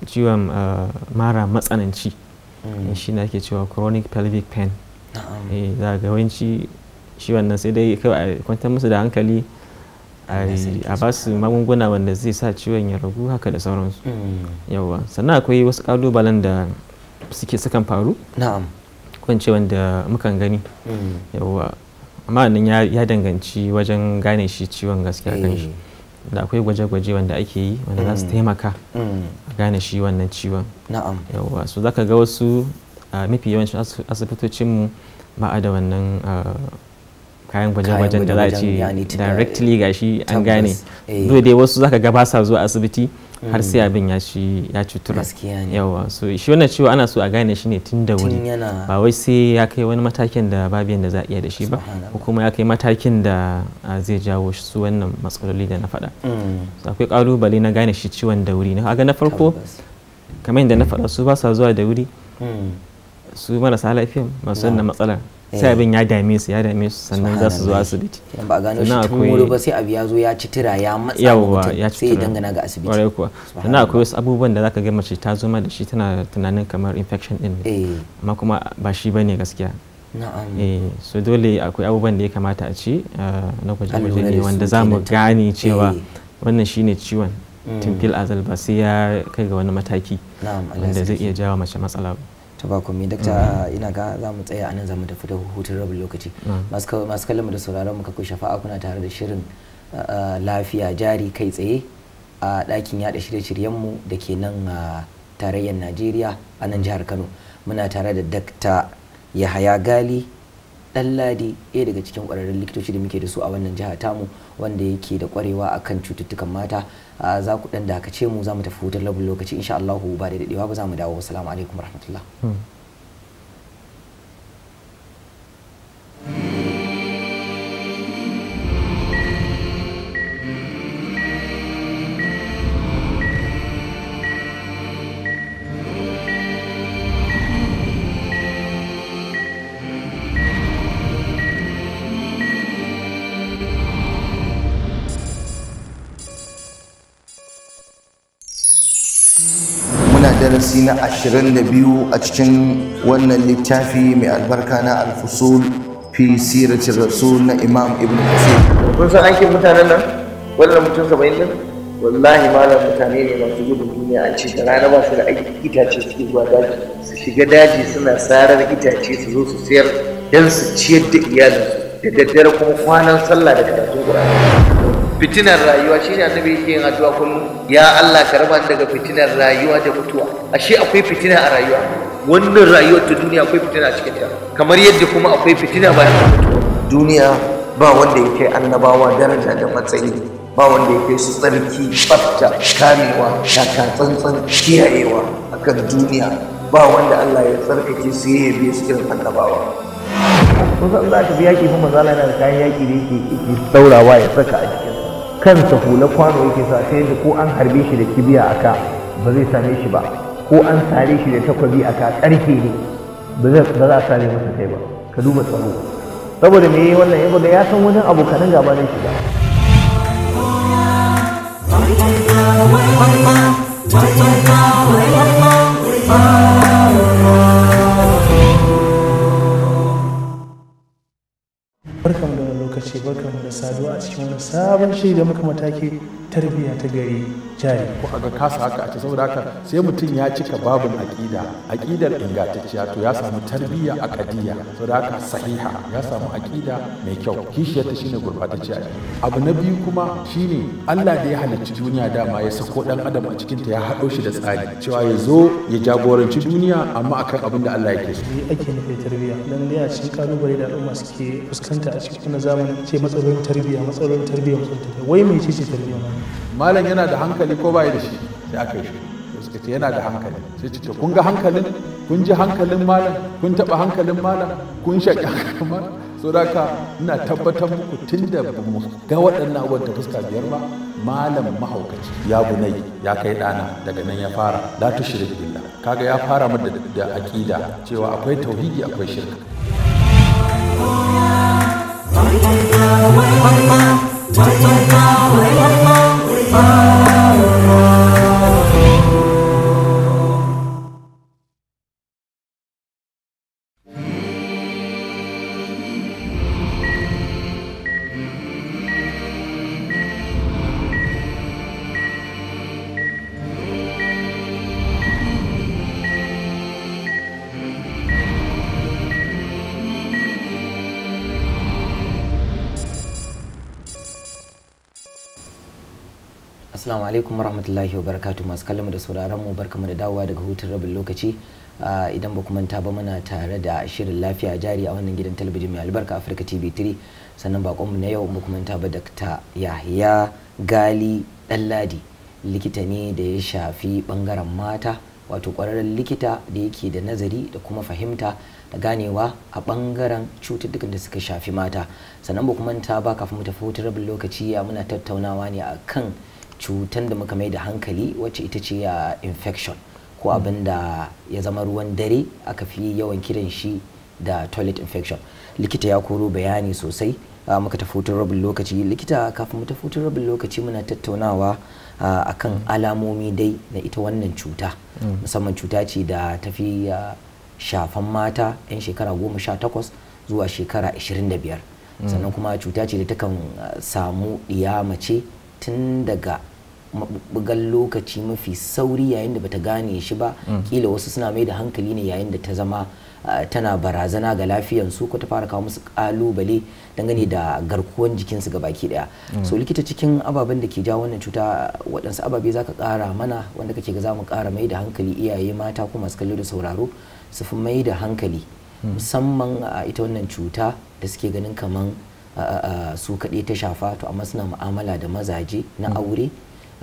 ciwon uh, mara matsananci mm. shi na ke cewa chronic pelvic pain eh, za ga yawanci shi wannan sai dai kawai kwantar musu da hankali a ba su magunguna wanda zai sa ciwon ya ragu haka da sauransu mm. yawa sannan akwai wasu kalubalen da suke sukan faru na'am wanda mukan gani mm. yawa amma nan ya danganci wajen gane shi ciwon gaskiya kan shi eh. da akwai gwaje-gwaje wanda ake yi wanda za su mm. taimaka a gane shi wannan ciwon na'am yawa so zaka ga wasu mafi yawancin asibitocinmu ba a da wannan kayan gwaje-gwajen da za a ce directly gashi an gane eh. dole dai wasu zaka ga ba sa zuwa asibiti har mm. sai abin ya ci ya ci tura yawa so shi wannan cewa ana so a gane shi ne tun da wuri ba wai sai ya kai wani matakin da babu yanda za a iya da shi ba ko kuma ya kai matakin da zai jawo su wannan matsaloli da na faɗa mm. akwai kalubale na gane shi ciwon da wuri na ga na farko kamar yadda na faɗa su ba sa zuwa da wuri mm. su marasa lafiya masu wannan matsalar Eh. sai abin ya dame su ya dame su sannan za su zo asibiti ba gano shi tun wuri ba sai abu ya zo ya ci tira ya matsa mutum sai ya dangana ga asibiti kwarai kuwa sannan akwai wasu abubuwan da zaka ga mace ta zo ma da shi tana tunanin kamar infection din eh. amma kuma ba shi bane gaskiya eh, so dole akwai abubuwan da ya kamata a ci na gwaje-gwaje ne wanda za mu gane cewa wannan shine ciwon mm. tun fil azal ba sai ya kai ga wani mataki wanda zai iya jawo mace matsala ba ta ba dakta mm. ina ga za mu tsaya anan za mu tafi da hutun rabin lokaci mm. masu kallon mu da sauraron mu ka kun shafa'a kuna tare da shirin lafiya jari kai tsaye a dakin yaɗa shirye-shiryen mu da ke nan a tarayyar najeriya a nan jihar kano muna tare da dakta yahaya gali ɗanladi ɗaya daga cikin ƙwararrun likitoci da muke da su a wannan jiha tamu wanda yake da ƙwarewa akan cututtukan mata Ah, za ku dan ce mu za mu tafi hutun labin lokaci insha Allah ba da dadewa ba za mu dawo assalamu alaikum warahmatullahi hmm. darasi na 22 a cikin wannan littafi mai albarka na alfusul fi siratin rasul na imam ibn kasir kun san aikin mutanen nan wannan mutum saba'in nan wallahi malam mutane ne masu gudun duniya an ce da rana ba su da aiki itace suke zuwa daji su shiga daji suna sarar itace su zo su sayar don su ciyar da iyalinsu da daddare kuma kwanan sallah da karatun qur'ani fitinar rayuwa shi ne annabi yake yin addu'a kullum ya Allah ka raba daga fitinar rayuwa da mutuwa ashe akwai fitina a rayuwa wannan rayuwar ta duniya akwai fitina a cikin ta kamar yadda kuma akwai fitina bayan mutuwa duniya ba wanda yake annabawa daraja da matsayi ba wanda yake su tsarki tsafta kamewa tsantsan kiyayewa akan duniya ba wanda Allah ya tsarkake su ya yabe su irin annabawa kusan za ka bi yaƙi fa mazala yana da kayan yaƙi da yake saurawa ya saka a jikin Kan kansa hula kwano yake sa sai da ko an harbe shi da kibiya aka ka ba zai same shi ba ko an sare shi da takwabi aka karfe ne ba za a sare masa kai ba ka duba tsaro saboda me wannan ya da ya san wajen abokanan gaba shi shiga saduwa a cikin wani sabon shiri da muka mataki tarbiyya ta gari jari ko a ga kasa haka a ce saboda haka sai mutum ya cika babun aƙida aƙidar ingantacciya to ya samu tarbiyya a ƙadiyya saboda haka sahiha ya samu aƙida mai kyau kishiyar ta shine gurɓatacciya abu na biyu kuma shine Allah da ya halicci duniya dama ya sako dan adam a cikin ta ya haɗo shi da tsari cewa ya zo ya jagoranci duniya amma akan abin da Allah yake so ake nufi tarbiyya dan ne a cikin kalubale da al'umma suke fuskanta a cikin na zamani ce matsalolin tarbiyya matsalolin tarbiyya wai mai ce tarbiyya malam yana da hankali hankali ko bai da shi sai aka yi shi suka ce yana da hankali sai ce kun ga hankalin kun ji hankalin malam kun taba hankalin malam kun shaƙi hankalin malam so da ka ina tabbatar muku tun da mu ga waɗannan abubuwan da fuska biyar ba malam mahaukaci ya bunai ya kai ɗana daga nan ya fara la tushrik billah kaga ya fara mu da aƙida cewa akwai tauhidi akwai shirka tomorrow Assalamu alaikum warahmatullahi wabarakatuh masu kallon da sauraron mu barkamu da dawowa daga hutun rabin lokaci idan ba manta ba muna tare da shirin lafiya jari a wannan gidan talabijin mai albarka Africa TV 3 sannan bakon mu na yau mu manta ba Dr. Yahya Gali Dalladi likita ne da ya shafi bangaren mata wato kwararren likita da yake da nazari da kuma fahimta da ganewa a bangaren cututtukan da suka shafi mata sannan ba manta ba kafin mu tafi hutun rabin lokaci muna tattaunawa ne a kan. cutan da muka mai da hankali wacce ita ce ya ah, infection ko abin da ya zama ruwan dare aka fi yawan kiran shi da toilet infection likita ya koro bayani sosai ah, muka ta rabin lokaci likita kafin mu tafi rabin lokaci muna tattaunawa a ah, kan alamomi dai na ita wannan cuta mm. musamman cuta ce da tafi shafan mata 'yan shekara goma sha takwas zuwa shekara 25 mm. sannan kuma cuta ce da takan samu ɗiya mace tun daga mabubugan lokaci mafi sauri yayin da bata gane shi ba mm. kila wasu suna mai da hankali ne yayin da ta zama tana barazana ga lafiyansu ko ta fara kawo musu kalubale dangane da garkuwan jikinsu ga baki daya mm. so likita cikin ababen da ke ja wannan cuta waɗansu ababe za ka ƙara mana wanda kake ga za mu ƙara mai da hankali iyaye mata ko masu kallo da sauraro su fi mai da hankali mm. musamman ita wannan cuta da suke ganin kaman su kaɗai ta shafa to amma suna mu'amala da mazaje na aure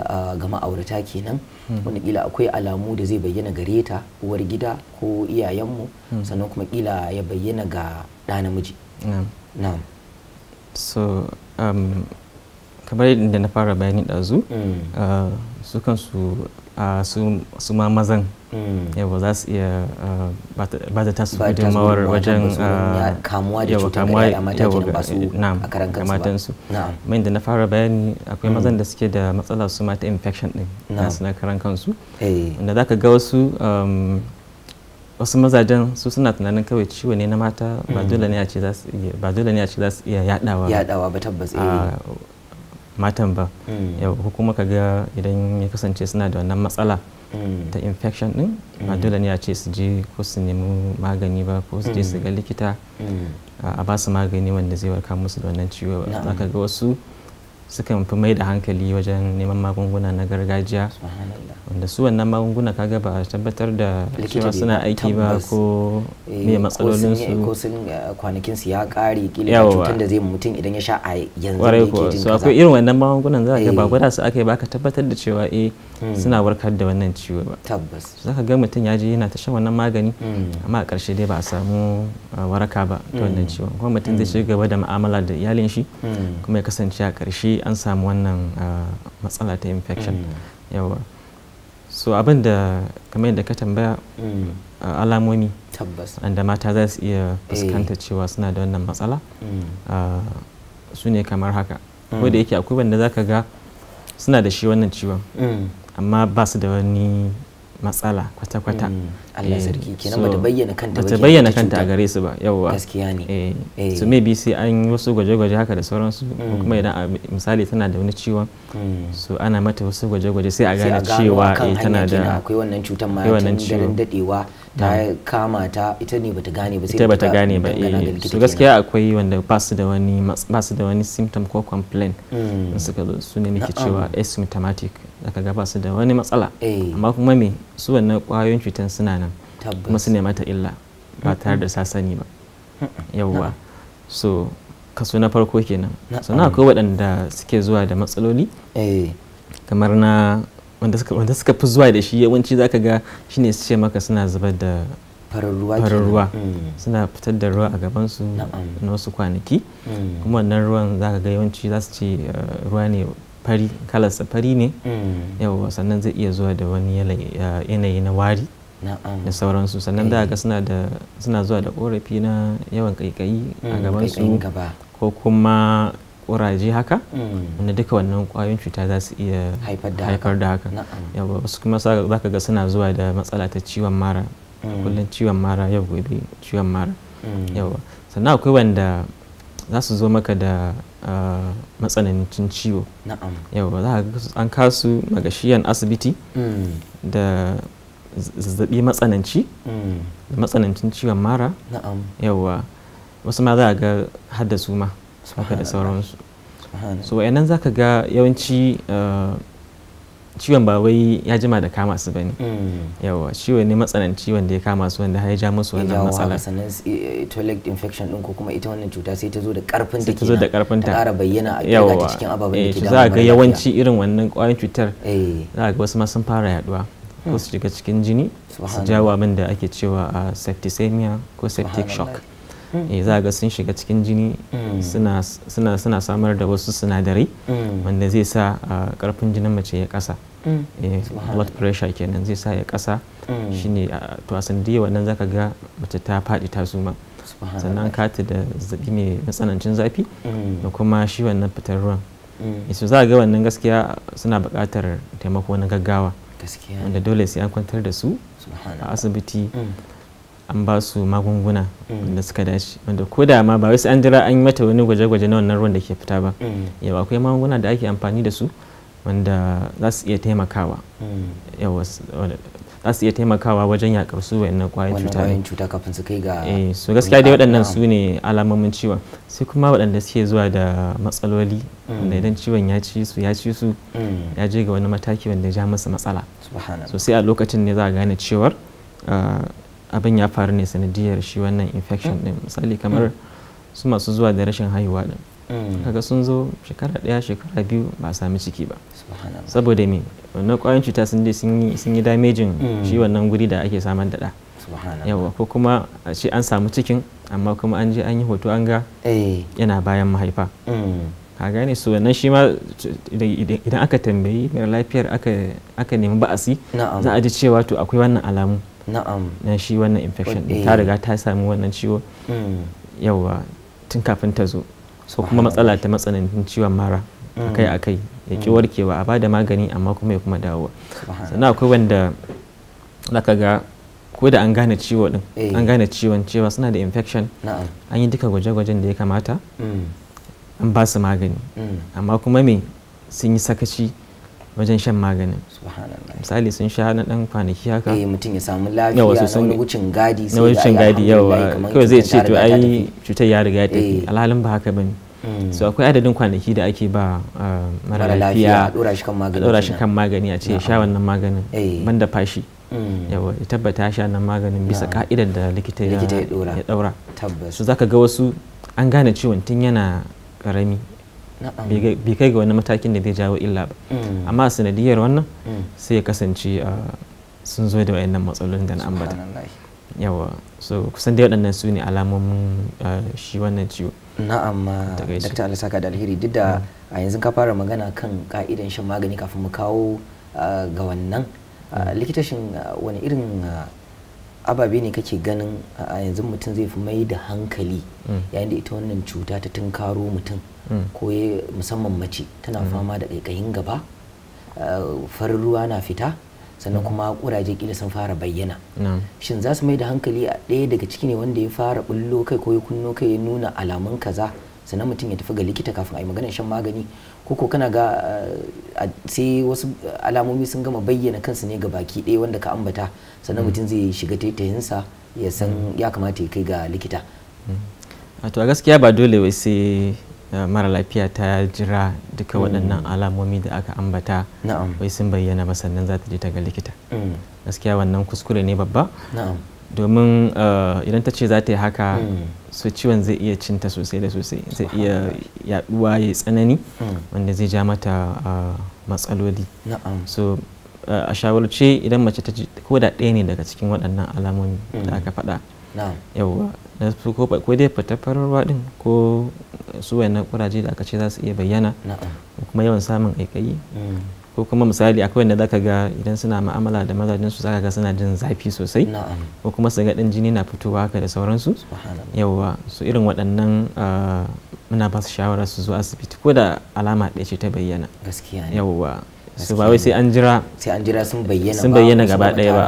ga ma'aurata kenan wanda kila akwai alamu da zai bayyana gare ta uwar gida ko iyayenmu hmm. sannan kuma kila ya bayyana ga ɗa namiji na'am so um, kamar yadda na fara bayani ɗazu hmm. uh, su kansu Ah, su ma mazan hmm. yawa za su iya ah, ba ta tasu gudunmawar wajen ah, kamuwa da cutar eh, da ya matakin matansu mai da na fara bayani akwai hmm. mazan da suke da matsala su mata infection din nasu na karan kansu eh. wanda za ka ga wasu um, wasu mazajen su suna tunanin kawai ciwo ne na mata ba hmm. dole ne a ce za su iya yadawa ba tabbas eh. matan ba mm. ya kuma ka ga idan ya kasance suna da wannan matsala mm. ta infection din ba mm. dole ne a ce su je ko su nemi magani ba ko su je su ga likita a ba su magani wanda zai warka musu da wannan ciwo za ka ga wasu sukan fi mai da hankali wajen neman magunguna na gargajiya wanda su wannan magunguna kaga ba tabbatar da cewa suna aiki ba ko eh, me matsalolin su ko sun eh, kwanakin su ya kare kila cutar da zai mutum idan ya sha a yanzu ke jin kaza akwai irin wannan magungunan za ka ba eh. gwada su aka yi ba ka tabbatar da cewa eh Hmm. suna warkar da wannan ciwo ba tabbas zaka ga mutum ya je yana ta shan wannan magani hmm. amma a ƙarshe dai ba a samu ah, waraka ba ta wannan hmm. ciwon kuma mutum zai shiga gaba da mu'amala da iyalin shi kuma ya kasance a ƙarshe an samu wannan ah, matsala ta infection yawa so abin da kamar yadda ka tambaya ah, alamomi tabbas da mata za su iya eh. fuskanta cewa suna da wannan matsala su ne kamar haka ko da yake akwai wanda zaka ga suna da shi wannan ciwon amma ba su da wani matsala kwata-kwata mm. Allah eh, sarki kenan bata bayyana kanta bata bayyana kanta a gare su ba yawwa gaskiya ne eh, eh. so maybe sai an yi wasu gwaje-gwaje haka da sauransu ko mm. kuma idan misali tana da wani ciwon mm. so ana mata wasu gwaje-gwaje sai a gane cewa tana da akwai wannan cutar ma tun dadewa ta hmm. kama ta ita ne bata gane ba sai bata gane ba eh. to gaskiya akwai wanda ba su da wani ba su da wani symptom ko complaint hmm. suka zo su ne cewa asymptomatic zaka ga ba su da wani matsala eh. amma kuma me su wannan kwayoyin cutan suna nan kuma su ne mata illa ba tare da sasani ba yawwa so kaso na farko kenan sannan akwai waɗanda suke zuwa da matsaloli eh. kamar na wanda suka fi zuwa da shi yawanci zaka ga shine su ce maka suna zubar da farar ruwa mm. suna fitar da ruwa a gabansu na wasu kwanaki mm. kuma wannan ruwan zaka ga yawanci za su ce eh, ruwa ne fari kalarsa fari ne mm. yawa sannan zai iya zuwa da wani yanayi na wari da sauransu sannan eh. da ga suna zuwa da korafi na yawan kaikayi a gabansu ko kuma ƙuraje haka mm. wanda duka wannan ƙwayoyin cuta za su iya haifar da haka yawa wasu kuma za ka ga suna zuwa da matsala ta ciwon mara mm. kullum ciwon mara yau gobe ciwon mara mm. yawa sannan akwai wanda za su zo maka da ah, matsanancin ciwo yawa za an kasu magashiyan asibiti da zazzabi matsananci da matsanancin ciwon mara yawa wasu ma za a ga hadda su ma haka da sauransu so zaka ga yawanci uh, ciwon ba wai ya jima da kama su bane mm. yawa ciwon ne ciwon wanda ya kama su wanda ya ja musu wannan matsala sannan eh, toilet infection din ko kuma ita wannan cuta sai ta zo da karfin ta zo da karfin ta ƙara bayyana a ta cikin ababen da eh, ke za ga yawanci irin wannan ƙwayoyin cutar eh. za ga wasu ma sun fara yaduwa ko su hmm. shiga cikin jini su jawo abin da ake cewa a uh, septicemia ko septic shock Eh, za ga sun shiga cikin jini hmm. suna samar da wasu sinadarai hmm. wanda zai sa karfin ah, jinin mace ya kasa hmm. eh, blood pressure kenan zai sa ya kasa shine ah, to a sandiya wannan zaka ga mace ta faɗi ta suma sannan kati da ne mai matsanancin zafi da kuma shi wannan fitar ruwan isu eh, za ga wannan gaskiya suna bukatar taimako na gaggawa wanda dole sai an kwantar da su a asibiti an ba su magunguna mm. wanda suka dace wanda ko da ma ba wasu an jira an yi mata wani gwaje-gwaje na wannan ruwan da ke fita ba mm. yawa akwai magunguna da ake amfani da su wanda za su iya taimakawa mm. yawa za su iya taimakawa wajen yakar su kwayoyin cuta wannan cuta kafin su kai ga eh so gaskiya dai waɗannan su ne alamomin ciwon sai kuma waɗanda suke zuwa da matsaloli wanda idan ciwon ya ci su ya ci su ya je ga wani mataki wanda ya ja masa matsala so sai a lokacin ne za a gane cewar ah, abin ya faru ne sanadiyar shi wannan infection din misali kamar su masu zuwa da rashin haihuwa din mm. kaga sun zo shekara ɗaya shekara biyu ba sami ciki ba saboda me wannan kwayan cuta sun je sun yi damejin mm. shi wannan guri da ake samun da yawa ko kuma a ce an samu cikin amma kuma an je an yi hoto an ga eh. yana bayan mahaifa mm. ka gane su wannan shi ma idan aka tambayi mai lafiyar aka nemi ba'asi za a ji cewa to akwai wannan alamu na shi wannan infection din ta eh. riga ta sami wannan ciwo mm. yawa tun kafin ta zo so kuma matsala ta matsanancin ciwon mara mm. akai akai ya ki mm. warkewa a bada magani amma kuma ya kuma dawowa sannan akwai wanda zaka ga ko da an gane ciwo din eh. an gane ciwon cewa suna da infection an yi duka gwaje-gwajen da ya kamata an ba su magani amma kuma me sun yi sakaci wajen shan maganin misali sun sha na dan kwanaki haka eh mutum ya samu lafiya na wani wucin gadi sai na wucin gadi yawa kawai zai ce to ai cutar ya riga ta eh. alhalin ba haka bane hmm. so akwai adadin kwanaki da ake ba ah, mara lafiya a dora shi kan magani a ce sha wannan maganin banda fashi yawa ya tabbata sha nan maganin bisa ka'idar da likita ya daura tabbas so zaka ga wasu an gane ciwon tun yana karami bai kai ga wani matakin da zai jawo illa ba mm. amma sanadiyar wannan mm. sai ya kasance ah, sun zo da wayannan matsalolin da na ambata yawa so kusan dai waɗannan su ne alamomin ah, shi wannan ciwo na'am dakta alisa ka da alheri duk da mm. a yanzu ka fara magana kan ka'idan shan magani kafin mu kawo ah, ga wannan likitashin wani irin ababe ne kake ganin a yanzu mutum zai fi mai da hankali yayin da ita wannan cuta ta tunkaro mutum ko musamman mace tana mm. fama da ƙaiƙayin gaba uh, farin ruwa na fita sannan mm. kuma kuraje kila sun fara bayyana shin za su mai da hankali a ɗaya daga ciki ne wanda ya fara bullo kai ko ya kunno kai ya nuna alamun kaza sannan mutum ya tafi ga likita kafin a yi maganar shan magani ko ko kana ga uh, sai wasu alamomi sun gama bayyana kansu ne ga baki ɗaya wanda ka ambata sannan mm. mutum zai shiga taitayinsa ya san ya kamata ya kai ga likita a gaskiya ba dole wai sai Eh, mara lafiya ta jira duka hmm. waɗannan alamomi da aka ambata wai sun bayyana ba sannan za ta je ta ga likita hmm. gaskiya wannan kuskure ne babba domin eh, idan ta ce za ta yi haka hmm. su ciwon zai iya cinta sosai da sosai zai iya yaduwa ya tsanani wanda zai ja mata eh, matsaloli so a shawarce idan mace ta ko da ɗaya ne daga cikin waɗannan alamomi da aka faɗa yawwa su ko ko dai fitar farar din ko su wayannan kuraje da aka ce za su iya bayyana kuma yawan samun aikayi mm. ko kuma misali akwai wanda zaka ga idan suna ma'amala da mazajen su zaka ga suna jin zafi sosai ko kuma su ga dan jini na fitowa haka da sauransu yawa su irin waɗannan ah, muna ba su shawara su zo asibiti ko da alama ɗaya ce ta bayyana gaskiya yawa su ba wai sai an jira sai an jira sun bayyana sun bayyana gaba daya ba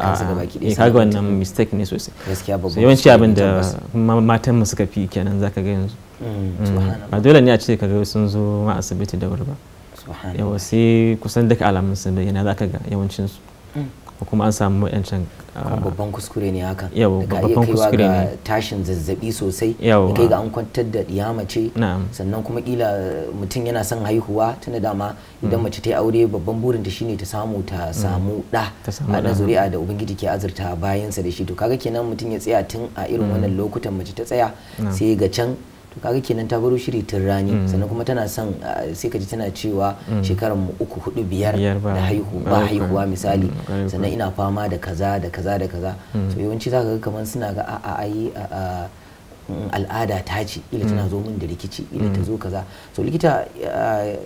eh kaga wannan mistake ne sosai gaskiya babban yawanci abin da matan mu suka fi kenan zaka ga yanzu mm, mm. ba dole ne a ce kaga sun zo ma asibiti da wuri ba yawa sai kusan duka alamun sun bayyana zaka ga yawancin su kuma an samu yancin ah, babban kuskure ne haka yawo babban kuskure ne tashin zazzabi sosai yawo kai ga an kwantar da ya mace sannan kuma kila eh, mutum yana son haihuwa tunda dama hmm. idan mace ta yi aure babban burin ta shine ta samu ta hmm. samu da a da zuri'a da ubangiji ke azurta bayansa da shi to kaga kenan mutum ya tsaya tun a irin hmm. wannan lokutan mace ta tsaya sai ga can to kaga kenan ta baro shiri tun rani mm. sannan kuma tana son sai ka ji tana cewa mm. shekaran mu uku hudu biyar da haihu ba haihuwa misali mm, sannan ina fama da kaza da kaza da kaza so yawanci zaka ga kamar suna ga a ai al'ada ta ce ila tana zo min da rikici ila ta zo kaza so likita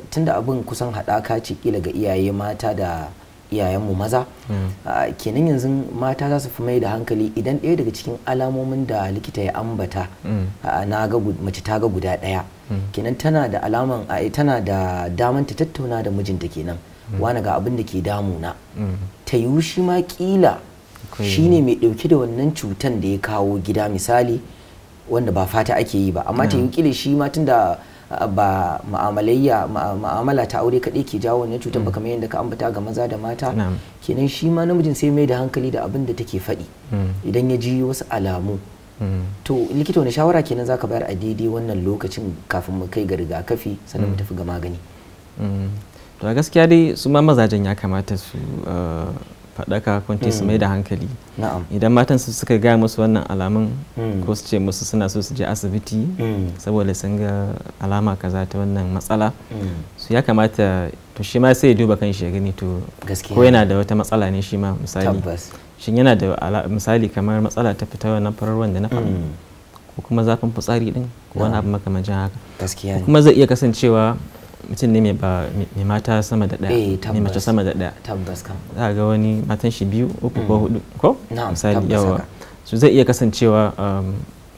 tunda abin kusan haɗaka ce ila ga iyaye mata da mu maza hmm. kenan yanzu mata za su fi mai da hankali idan ɗaya daga cikin alamomin da likita ya ambata hmm. na ga mace ta ga guda ɗaya hmm. kenan tana da alaman eh, tana da daman ta tattauna da mijinta kenan wani ga abin da ke damuna ta yiwu shi ma kila shine mai ɗauke da wannan cutan da ya kawo gida misali wanda ba fata ake yi ba amma ta yiwu kila shi ma tunda da ba ma'amalayya ma'amala ta aure kaɗai ke jawo wannan cutar ba mm. kamar yadda ka ambata ga maza da mata kenan shi ma namijin sai mai da hankali da abin da take faɗi mm. idan ya ji wasu alamu mm. to likita wani shawara kenan za ka bayar a daidai wannan lokacin kafin mu kai ga rigakafi sannan mu tafi ga magani to gaskiya dai su ma mazajen ya kamata su uh, Fadaka kwanci su mm. mai da hankali idan matan su suka gaya musu wannan alamun mm. ko su ce musu suna so su je asibiti mm. saboda sun ga alama kaza ta wannan matsala su ya kamata to shi ma sai ya duba kan shi ya gani to ko yana da wata matsala ne shi ma misali shin yana da misali kamar matsala ta fita wannan farar wanda na faɗi ko kuma zafin fitsari din ko wani abu makamancin haka kuma zai iya kasancewa mutum ne mai mata sama da ɗaya eh, mai mace sama da ɗaya tabbas kam za ga wani matan shi biyu uku ko hmm. hudu ko misali yawa su zai iya kasancewa um,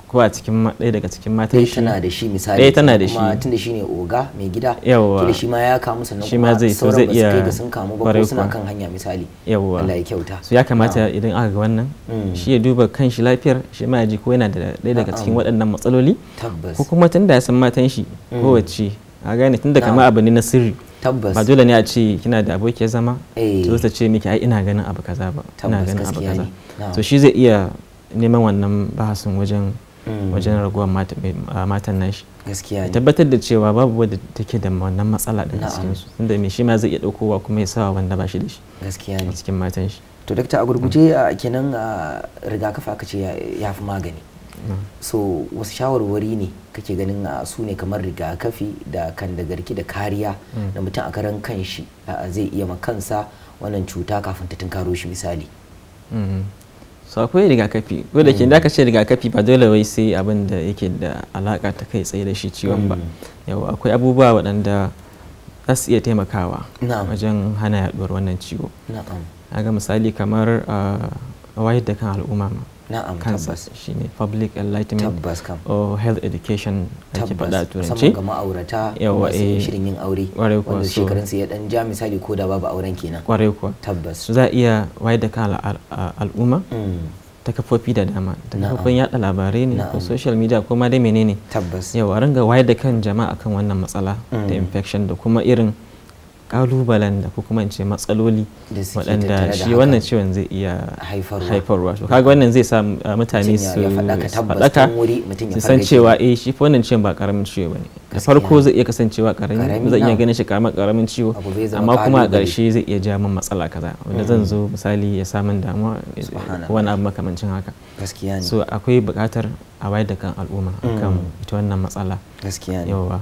ko a cikin ɗaya daga cikin matan shi tana da shi misali ɗaya tana da shi kuma tunda shi ne oga mai gida yawa kila shi ma ya kamu sannan shi sauran zai so zai iya sun kamu ba ko suna kan hanya misali yawa Allah ya kyauta so ya kamata idan aka ga wannan hmm. shi ya duba kan shi lafiyar shi ma ya ji ko yana da ɗaya daga cikin waɗannan matsaloli ko kuma tun da ya san matan shi hmm. kowace a gane tunda kamar kama abu ne na sirri tabbas ba dole ne a ce kina da aboki zama to eh. sai ce miki ai ina ganin abu kaza ba ina ganin abu kaza to shi zai iya neman wannan bahasin wajen hmm. wajen raguwar eh, matan nashi gaskiya ne tabbatar da cewa babu wadda take da wannan matsala da cikin su tunda me shi ma zai iya daukowa kuma ya sa wanda ba shi da shi gaskiya ne cikin matan shi to dakta a gurguje hmm. kenan rigakafi aka ce ya fi magani so wasu shawarwari ne kake ganin a ah, su ne kamar rigakafi da kan da garki da kariya mm. da mutum a karan kanshi ah, zai iya ma kansa wannan cuta kafin ta tunkaro shi misali mm-hmm. so akwai rigakafi ko da ke mm. da aka ce rigakafi ba dole wai sai abin da yake da alaka ta kai tsaye da shi ciwon ba mm. yau akwai abubuwa waɗanda za su iya taimakawa wajen hana yaɗuwar wannan ciwo na ga misali kamar ah, wayar da kan al'umma na'am tabbas shine public enlightenment tabbas kam or health education ake faɗa turanci ga ma'aurata yawa eh shirin yin aure so shekarun su ya dan ja misali ko da babu auren kenan kware kuwa tabbas za iya wayar da kan al'umma mm. ta kafofi da dama ta kafofin yada labarai ne ko social media ko ma dai menene tabbas yawa ranga wayar da kan jama'a kan wannan matsala da mm. infection da kuma irin kalubalen da ko kuma ce matsaloli waɗanda shi wannan ciwon zai iya haifarwa to kaga wannan zai sa uh, mutane su faɗaka su san cewa eh shi wannan ciwon ba karamin ciwo ne da farko zai iya kasancewa karamin zai iya ganin shi kamar karamin ciwo amma kuma a ƙarshe zai iya ja min matsala kaza wanda zan mm. zo misali ya samun damuwa ko eh, wani abu makamancin haka so akwai buƙatar a wayar da kan al'umma kan mm. ita wannan matsala gaskiya ne yawa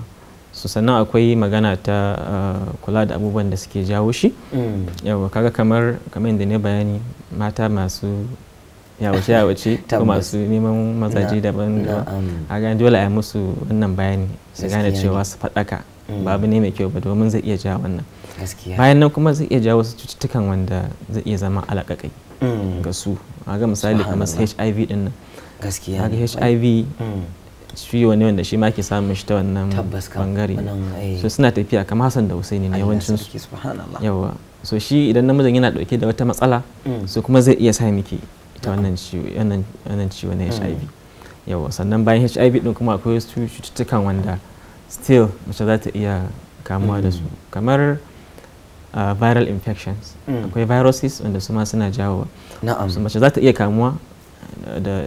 so sannan akwai magana ta uh, kula da abubuwan da suke jawo shi mm. yawa kaga kamar kamar da ne bayani mata masu yawace yawace ko masu neman mazaje daban a um, dole a yi musu wannan bayani su gane cewa su faɗaka mm. babu ne mai kyau ba domin zai iya ja wannan bayan nan kuma zai iya jawo wasu cututtukan wanda zai iya zama alaƙaƙai mm. ga su ga misali kamar hiv din nan gaskiya hiv ciwo wani wanda shi ma ke samun shi ta wannan bangare eh. so suna tafiya kamar Hassan da Husaini ne yawancin su yawa so shi idan namijin yana dauke da wata matsala mm. so kuma zai iya sa miki ta wannan ciwo wannan na mm. HIV yawa sannan bayan HIV din kuma akwai cututtukan wanda still mace za ta iya kamuwa da su mm. kamar ah, viral infections akwai viruses wanda su ma suna jawo mace za ta iya kamuwa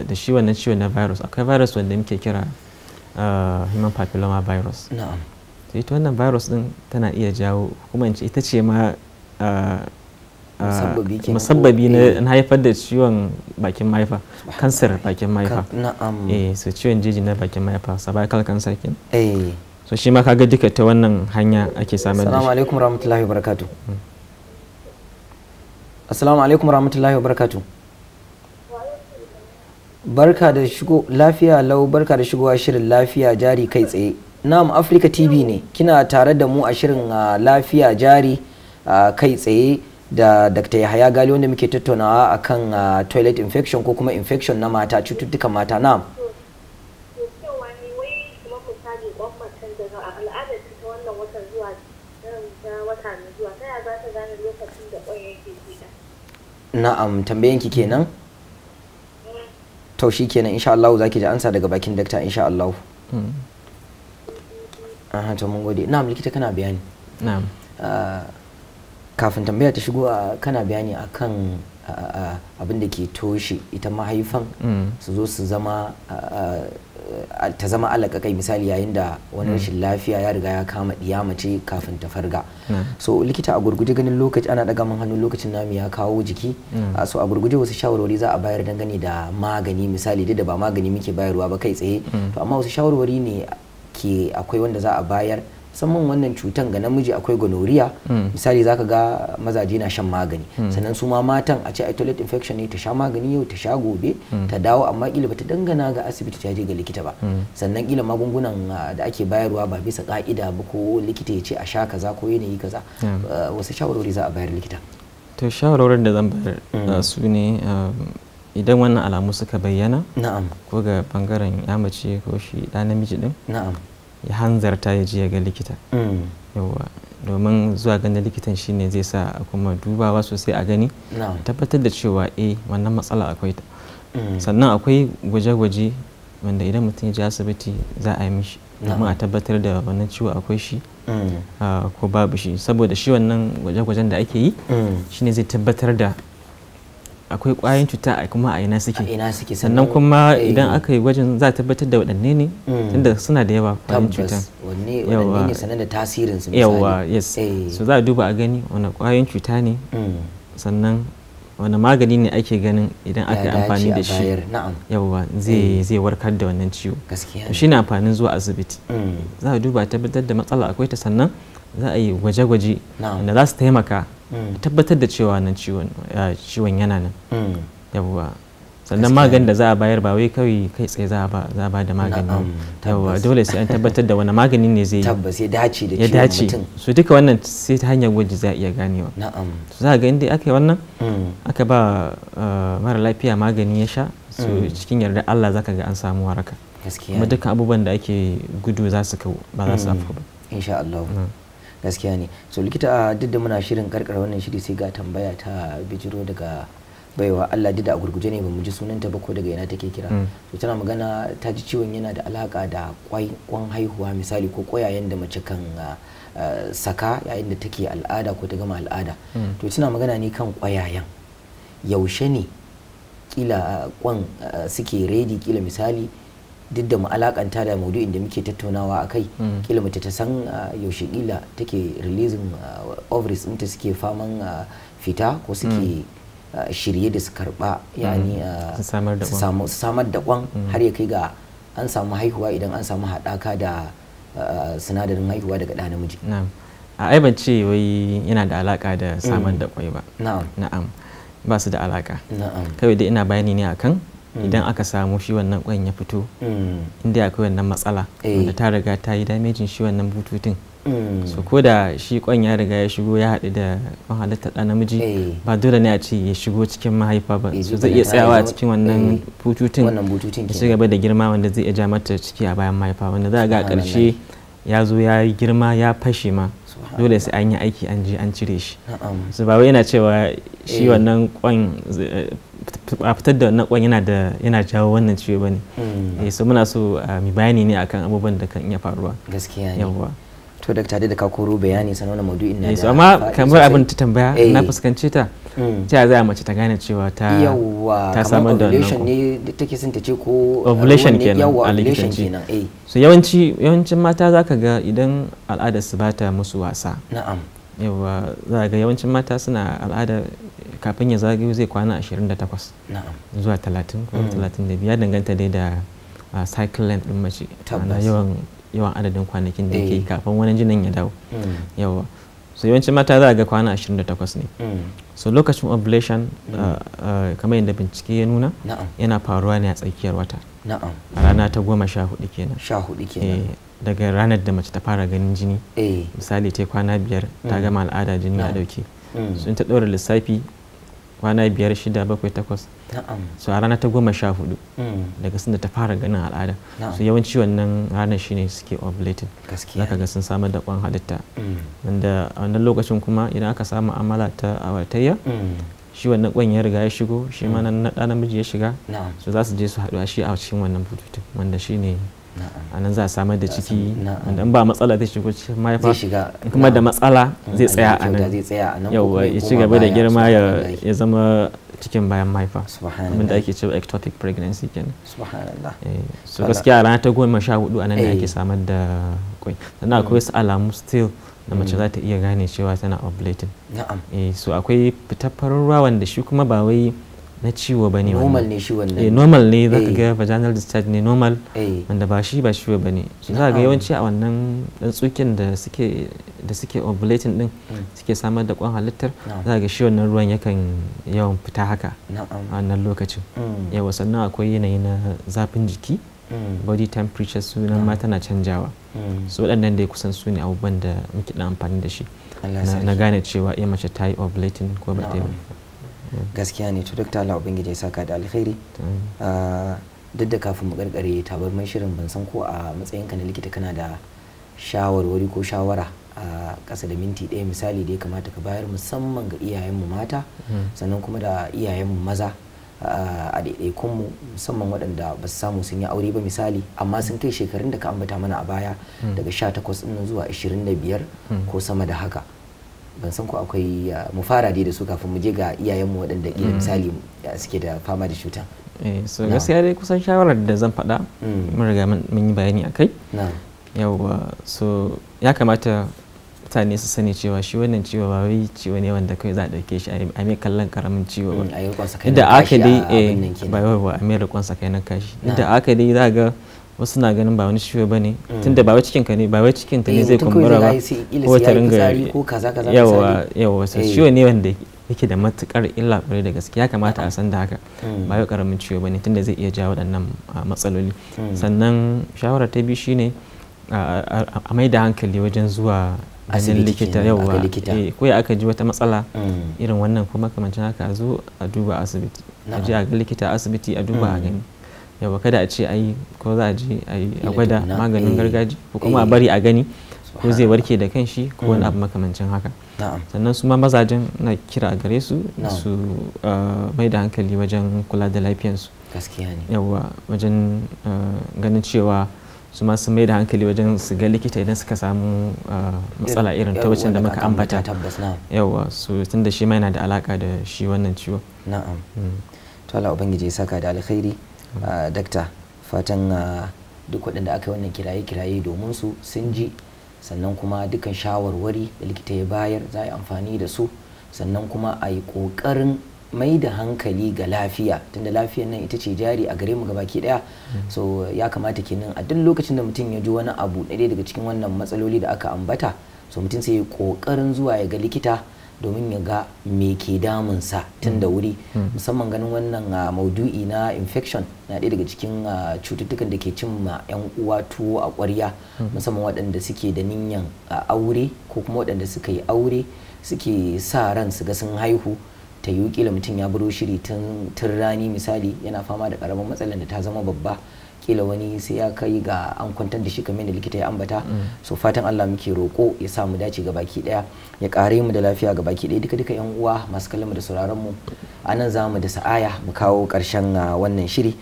da shi wannan ciwon na virus akwai virus wanda muke kira uh, human papilloma virus ita wannan virus din tana iya jawo kuma in ce ita ce ma uh, uh, musabbabi eh. na haifar da ciwon bakin mahaifa kansar bakin mahaifa eh so ciwon jeji na bakin mahaifa cervical cancer kin eh. so shi ma kaga duka ta wannan hanya ake samun da shi assalamu alaikum warahmatullahi wabarakatuh hmm. assalamu alaikum barka da shigo lafiya lau barka da shigowa shirin lafiya jari kai tsaye nam afirka tv ne kina tare da mu a shirin ah, lafiya jari ah, kai tsaye da dr yahaya gali wanda muke tattaunawa akan ah, toilet infection ko kuma infection na mata cututtukan mata nam na'am tambayanki kenan to kenan insha Allah zaki ji ansa daga bakin dakta insha Allah hmm. aha to mun gode na'am likita kana bayani na'am ah, kafin tambaya ta shigo ah, kana bayani akan abin da ke toshe ita mahaifan mm. su zo su zama ta zama alaka kai misali yayin da wani mm. rashin lafiya ya riga ya kama ɗiya mace kafin ta farga mm. so likita a gurguje ganin lokaci ana ɗaga man hannu lokacin namu ya kawo jiki so a gurguje wasu shawarwari za a bayar dangane da magani misali duk da ba magani muke bayarwa ba kai tsaye to amma wasu shawarwari ne ke akwai wanda za a bayar musamman wannan cutan ga namiji akwai gonoriya mm. misali zaka ga mazaje na shan magani mm. sannan su ma matan a ce a toilet infection ne ta sha magani yau ta sha gobe mm. ta dawo amma kila bata dangana ga asibiti ta je ga likita ba sannan kila magungunan ah, da ake bayarwa ba bisa ka'ida ba ko likita ya ce a sha kaza ko yanayi kaza ah, wasu shawarwari za a bayar likita to shawarorin da zan bayar ah, su ne idan wannan alamu suka bayyana ko ga bangaren ya mace ko shi ɗa namiji din ya hanzarta ya je ya ga likita mm. yawa domin zuwa ganin likitan shine zai sa a kuma dubawa sosai a gani tabbatar da cewa eh wannan matsala akwai ta mm. sannan akwai gwaje-gwaje wanda idan mutum ya je asibiti za a yi mishi domin a tabbatar da wannan ciwo akwai shi mm. ah, ko babu shi saboda shi wannan gwaje-gwajen da ake yi shine zai tabbatar da akwai kwayoyin cuta a kuma a ina suke sannan kuma eh. idan aka yi gwajin za a tabbatar da waɗanne ne mm. tunda suna da yawa kwayoyin cuta yawa ne da tasirin su yawa yes eh. so za a duba a gani wani kwayoyin cuta ne mm. sannan wani magani ne ake ganin idan aka yi amfani da shi yawa eh. zai warkar da wannan ciwo shi ne amfanin zuwa asibiti mm. za a duba tabbatar da matsala akwai ta sannan za a yi gwaje-gwaje da za su taimaka mm. tabbatar da cewa nan ciwon ah, yana nan mm. yawwa sannan magani da za a bayar ba wai kawai kai tsaye za a ba da magani yawwa dole sai an tabbatar da wani magani ne zai ya dace da su duka wannan sai ta hanyar gwaji za a iya ganewa na'am za a ga inda aka yi wannan mm. aka ba ah, mara lafiya magani ya sha su cikin yarda Allah zaka ga an samu waraka kuma dukkan abubuwan da ake gudu za su kawo ba za su ba insha gaskiya ne so likita duk da muna shirin karkar wannan shiri sai ga tambaya ta bijiro daga baiwa Allah duk da a gurguje ne bamu ji sunanta ba ko daga yana take kira mm. to tana magana ta ji ciwon yana da alaka da kwai kwan haihuwa misali ko kwayayen da mace kan ah, ah, saka yayin da take al'ada ko ta gama al'ada mm. to tana magana ne kan kwayayen yaushe ne kila kwan ah, suke redi kila misali duk da mu alakanta da maudu'in da muke tattaunawa a kai mm. kila mace ta san ah, yaushe kila take releasing ah, ovaries ɗinta suke faman ah, fita ko suke mm. shirye da su karba yani mm. su samar da kwan har ya kai ga an samu haihuwa idan an samu haɗaka da sinadarin haihuwa daga ɗa namiji a ai ban wai yana da alaka da samar da kwai ba na'am ba su da alaka kawai dai ina bayani ne akan Mm. idan aka samu shi wannan kwan ya fito mm. inda akwai wannan matsala eh. da ta riga ta yi damejin shi wannan bututun mm. su ko da shi kwan ya riga ya shigo ya haɗu da mahalatta halitta namiji eh. ba dole ne a ce ya shigo cikin mahaifa ba eh, su zai iya tsayawa cikin wannan bututun da ci gaba da girma wanda zai iya ja mata ciki a bayan mahaifa wanda za a ga ƙarshe ya zo ya yi girma ya fashe ma dole sai an yi aiki an je an cire shi su ba yana cewa shi eh. wannan kwan a fitar da wannan kwan yana jawo wannan ciwo ne. Hmm. eh so muna so ah, mu bayani ne akan abubuwan da kan iya faruwa gaskiya ne to da tare da ka koro bayani sanar da maudu'in na eh, da amma kamar abin ta tambaya eh. na fuskanci ta mm. ta za a mace ta gane cewa ta ta samar da ovulation ne take son ta ce ko ovulation kenan a eh so yawanci yawancin mata zaka ga idan al'adar su bata musu wasa na'am yawa za ga yawancin mata suna al'ada kafin ya zagayo zai kwana 28 zuwa 30 ko 35 mm. danganta dai da ah, cycle length din mace yawan yawan adadin kwanakin da yake eh. kafin wani jinin ya dawo hmm. yawa so yawancin mata za a ga kwana 28 ne hmm. so lokacin ovulation hmm. ah, ah, kamar yadda bincike ya nuna yana faruwa ne a tsakiyar wata a rana ta goma sha hudu kenan eh, daga ranar da mace ta fara ganin jini eh. misali ta kwana biyar ta gama al'ada jini a dauke sun ta ɗora lissafi kwana biyar shida bakwai takwas so a rana ta goma sha hudu mm. daga sun da ta fara ganin al'ada Su yawanci wannan ranar shine suke ovulating zaka ga sun samar da kwan halitta mm. wanda a wannan lokacin kuma idan aka samu amala ta awatayya mm. shi wannan kwan ya riga ya shigo shi ma na namiji ya shiga so za su je su haɗu a shi a cikin wannan bututun wanda shine a nan za a samar da ciki wanda in ba matsala zai shiga cikin mahaifa kuma da matsala zai tsaya a nan yauwa ya ci gaba da girma ya zama cikin bayan mahaifa abin da ake cewa ectopic pregnancy kenan subhanallah eh, so gaskiya a rana ta goma sha hudu a nan ne eh. ake samar da kwai sannan akwai wasu alamu still da mace mm. za ta iya gane cewa tana ovulating na'am eh, so akwai fitar farin ruwa wanda shi kuma ba wai na ciwo ba ne normal ne shi wannan eh normal ne za ka eh. ga vaginal discharge ne normal eh. wanda ba shi ba ciwo ba ne za ga ah. yawanci a wannan dan tsukin da suke da suke ovulating din hmm. suke samar da kwan halittar za ga shi wannan ruwan yakan yawan fita haka a wannan lokacin hmm. yawa sannan akwai yanayi na zafin jiki hmm. body temperature sunan ma tana canjawa su waɗannan da ya kusan su ne abubuwan da muke da amfani da shi na gane cewa iya eh, mace ta yi ovulating ko ba ta yi gaskiya ne to dokta Allah ubangiji ya saka da alkhairi ah, duk da kafin mu karkare mai shirin ban san ko a matsayin ka na likita kana da shawarwari ko shawara a kasa da minti daya misali da ya kamata ka bayar musamman ga iyayenmu mata hmm. sannan kuma da iyayenmu maza ah, a mu musamman waɗanda ba su samu sun yi aure ba misali amma sun kai shekarun da ka ambata mana a baya hmm. daga 18 ɗin zuwa 25 hmm. ko sama da haka ban san ko akwai mu fara dai da su kafin mu je ga iyayenmu waɗanda ƙila mm. misali suke da fama da cuta eh, so gaskiya dai kusan shawarar da zan faɗa mm. mun riga mun yi bayani akai yawwa so ya kamata mutane su sani cewa shi wannan ciwo ba wai ciwo ne wanda kai za a ɗauke shi a mai kallon karamin ciwo ba mm, da aka dai eh, ba yawa a mai rikon sakainan kashi da aka dai za ga wasu na ganin ba wani ciwo ba ne mm. da ba wai cikinka ne ba wai cikin ne eh, zai kumbura ba ko ta ringa yawa yawa wasu ciwo ne wanda yake da matukar illa kwarai da gaske ya kamata a san da haka mm. ba yau karamin ciwo ba ne tun da zai iya jawo waɗannan ah, matsaloli mm. sannan shawara ta biyu shine a mai da hankali wajen zuwa ganin likita yawa eh, ko ya aka ji wata matsala irin wannan ko makamancin haka a zo a duba asibiti a ji a ga likita asibiti a duba a gani yawa kada a ce ai ko za a je a gwada maganin eh. gargaji ko kuma a eh. bari a gani ko zai warke da kan shi ko wani abu mm. makamancin haka sannan su ma mazajen na kira gare su su ah, mai da hankali wajen kula da lafiyansu yawa wajen ah, ganin cewa su ma sun mai da hankali wajen su ga likita idan suka samu ah, matsala irin ta wacce da muka ambata yawa su tun da shi ma yana da alaka da shi wannan ciwo na'am mm. to Allah ubangiji ya saka da alkhairi Ah, dakta fatan ah, duk waɗanda aka yi wannan kiraye-kiraye domin su sun ji sannan kuma dukkan shawarwari da likita ya bayar za a yi amfani da su sannan kuma a yi ƙoƙarin mai da hankali ga lafiya tunda lafiyar nan ita ce jari a gare mu gabaki daya mm. so ya kamata kenan a duk lokacin da mutum ya ji wani abu ɗaya daga cikin wannan matsaloli da aka ambata so mutum sai ya ƙoƙarin zuwa ya ga likita domin ya ga me ke damunsa tun da mm. wuri mm. musamman ganin wannan ah, maudu'i na infection na ɗaya daga cikin ah, cututtukan da ke cin ma 'yan uwa tuwo a ƙwarya mm. musamman waɗanda suke da niyan ah, aure ko kuma waɗanda suka yi aure suke sa ran su ga sun haihu ta yi mutum ya buro shiri tun rani misali yana fama da ƙaramin matsalar da ta zama babba kila wani sai ya kai ga an kwantar da shi kamar da likita ya ambata mm. so fatan Allah muke roko ya sa mu dace ga baki daya ya kare mu da lafiya ga baki daya duka duka yan uwa masu kallon da sauraron mu anan za mu da sa'aya mu kawo karshen wannan shiri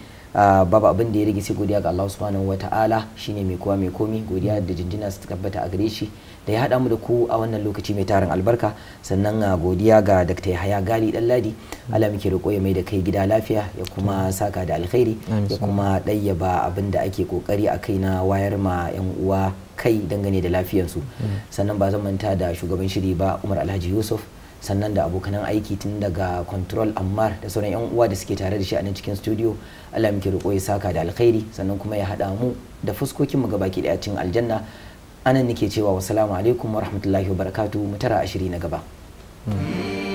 babu abin da ya rage sai godiya ga Allah subhanahu wataala shine mai kowa mai komi godiya da jinjina su tabbata a gare shi da ya haɗa mu da ku a wannan lokaci mai tarin albarka sannan a ah, godiya ga Dr. Yahaya Gali ladi Allah muke roƙo ya mai da kai gida lafiya ya kuma saka da alkhairi ya kuma ɗayyaba abin da ake kokari a kai na wayar ma 'yan uwa kai dangane da lafiyansu mm. sannan ba zan manta da shugaban shiri ba Umar Alhaji Yusuf sannan da abokanan aiki tun daga control ammar da sauran yan uwa da suke tare da shi a nan cikin studio allah muke roƙo ya saka da alkhairi sannan kuma ya haɗa mu da fuskokinmu gabaki ɗaya cikin aljanna anan nake cewa wasu alaikum wa rahmatullahi wa barakatu mu tara ashiri na gaba. Hmm.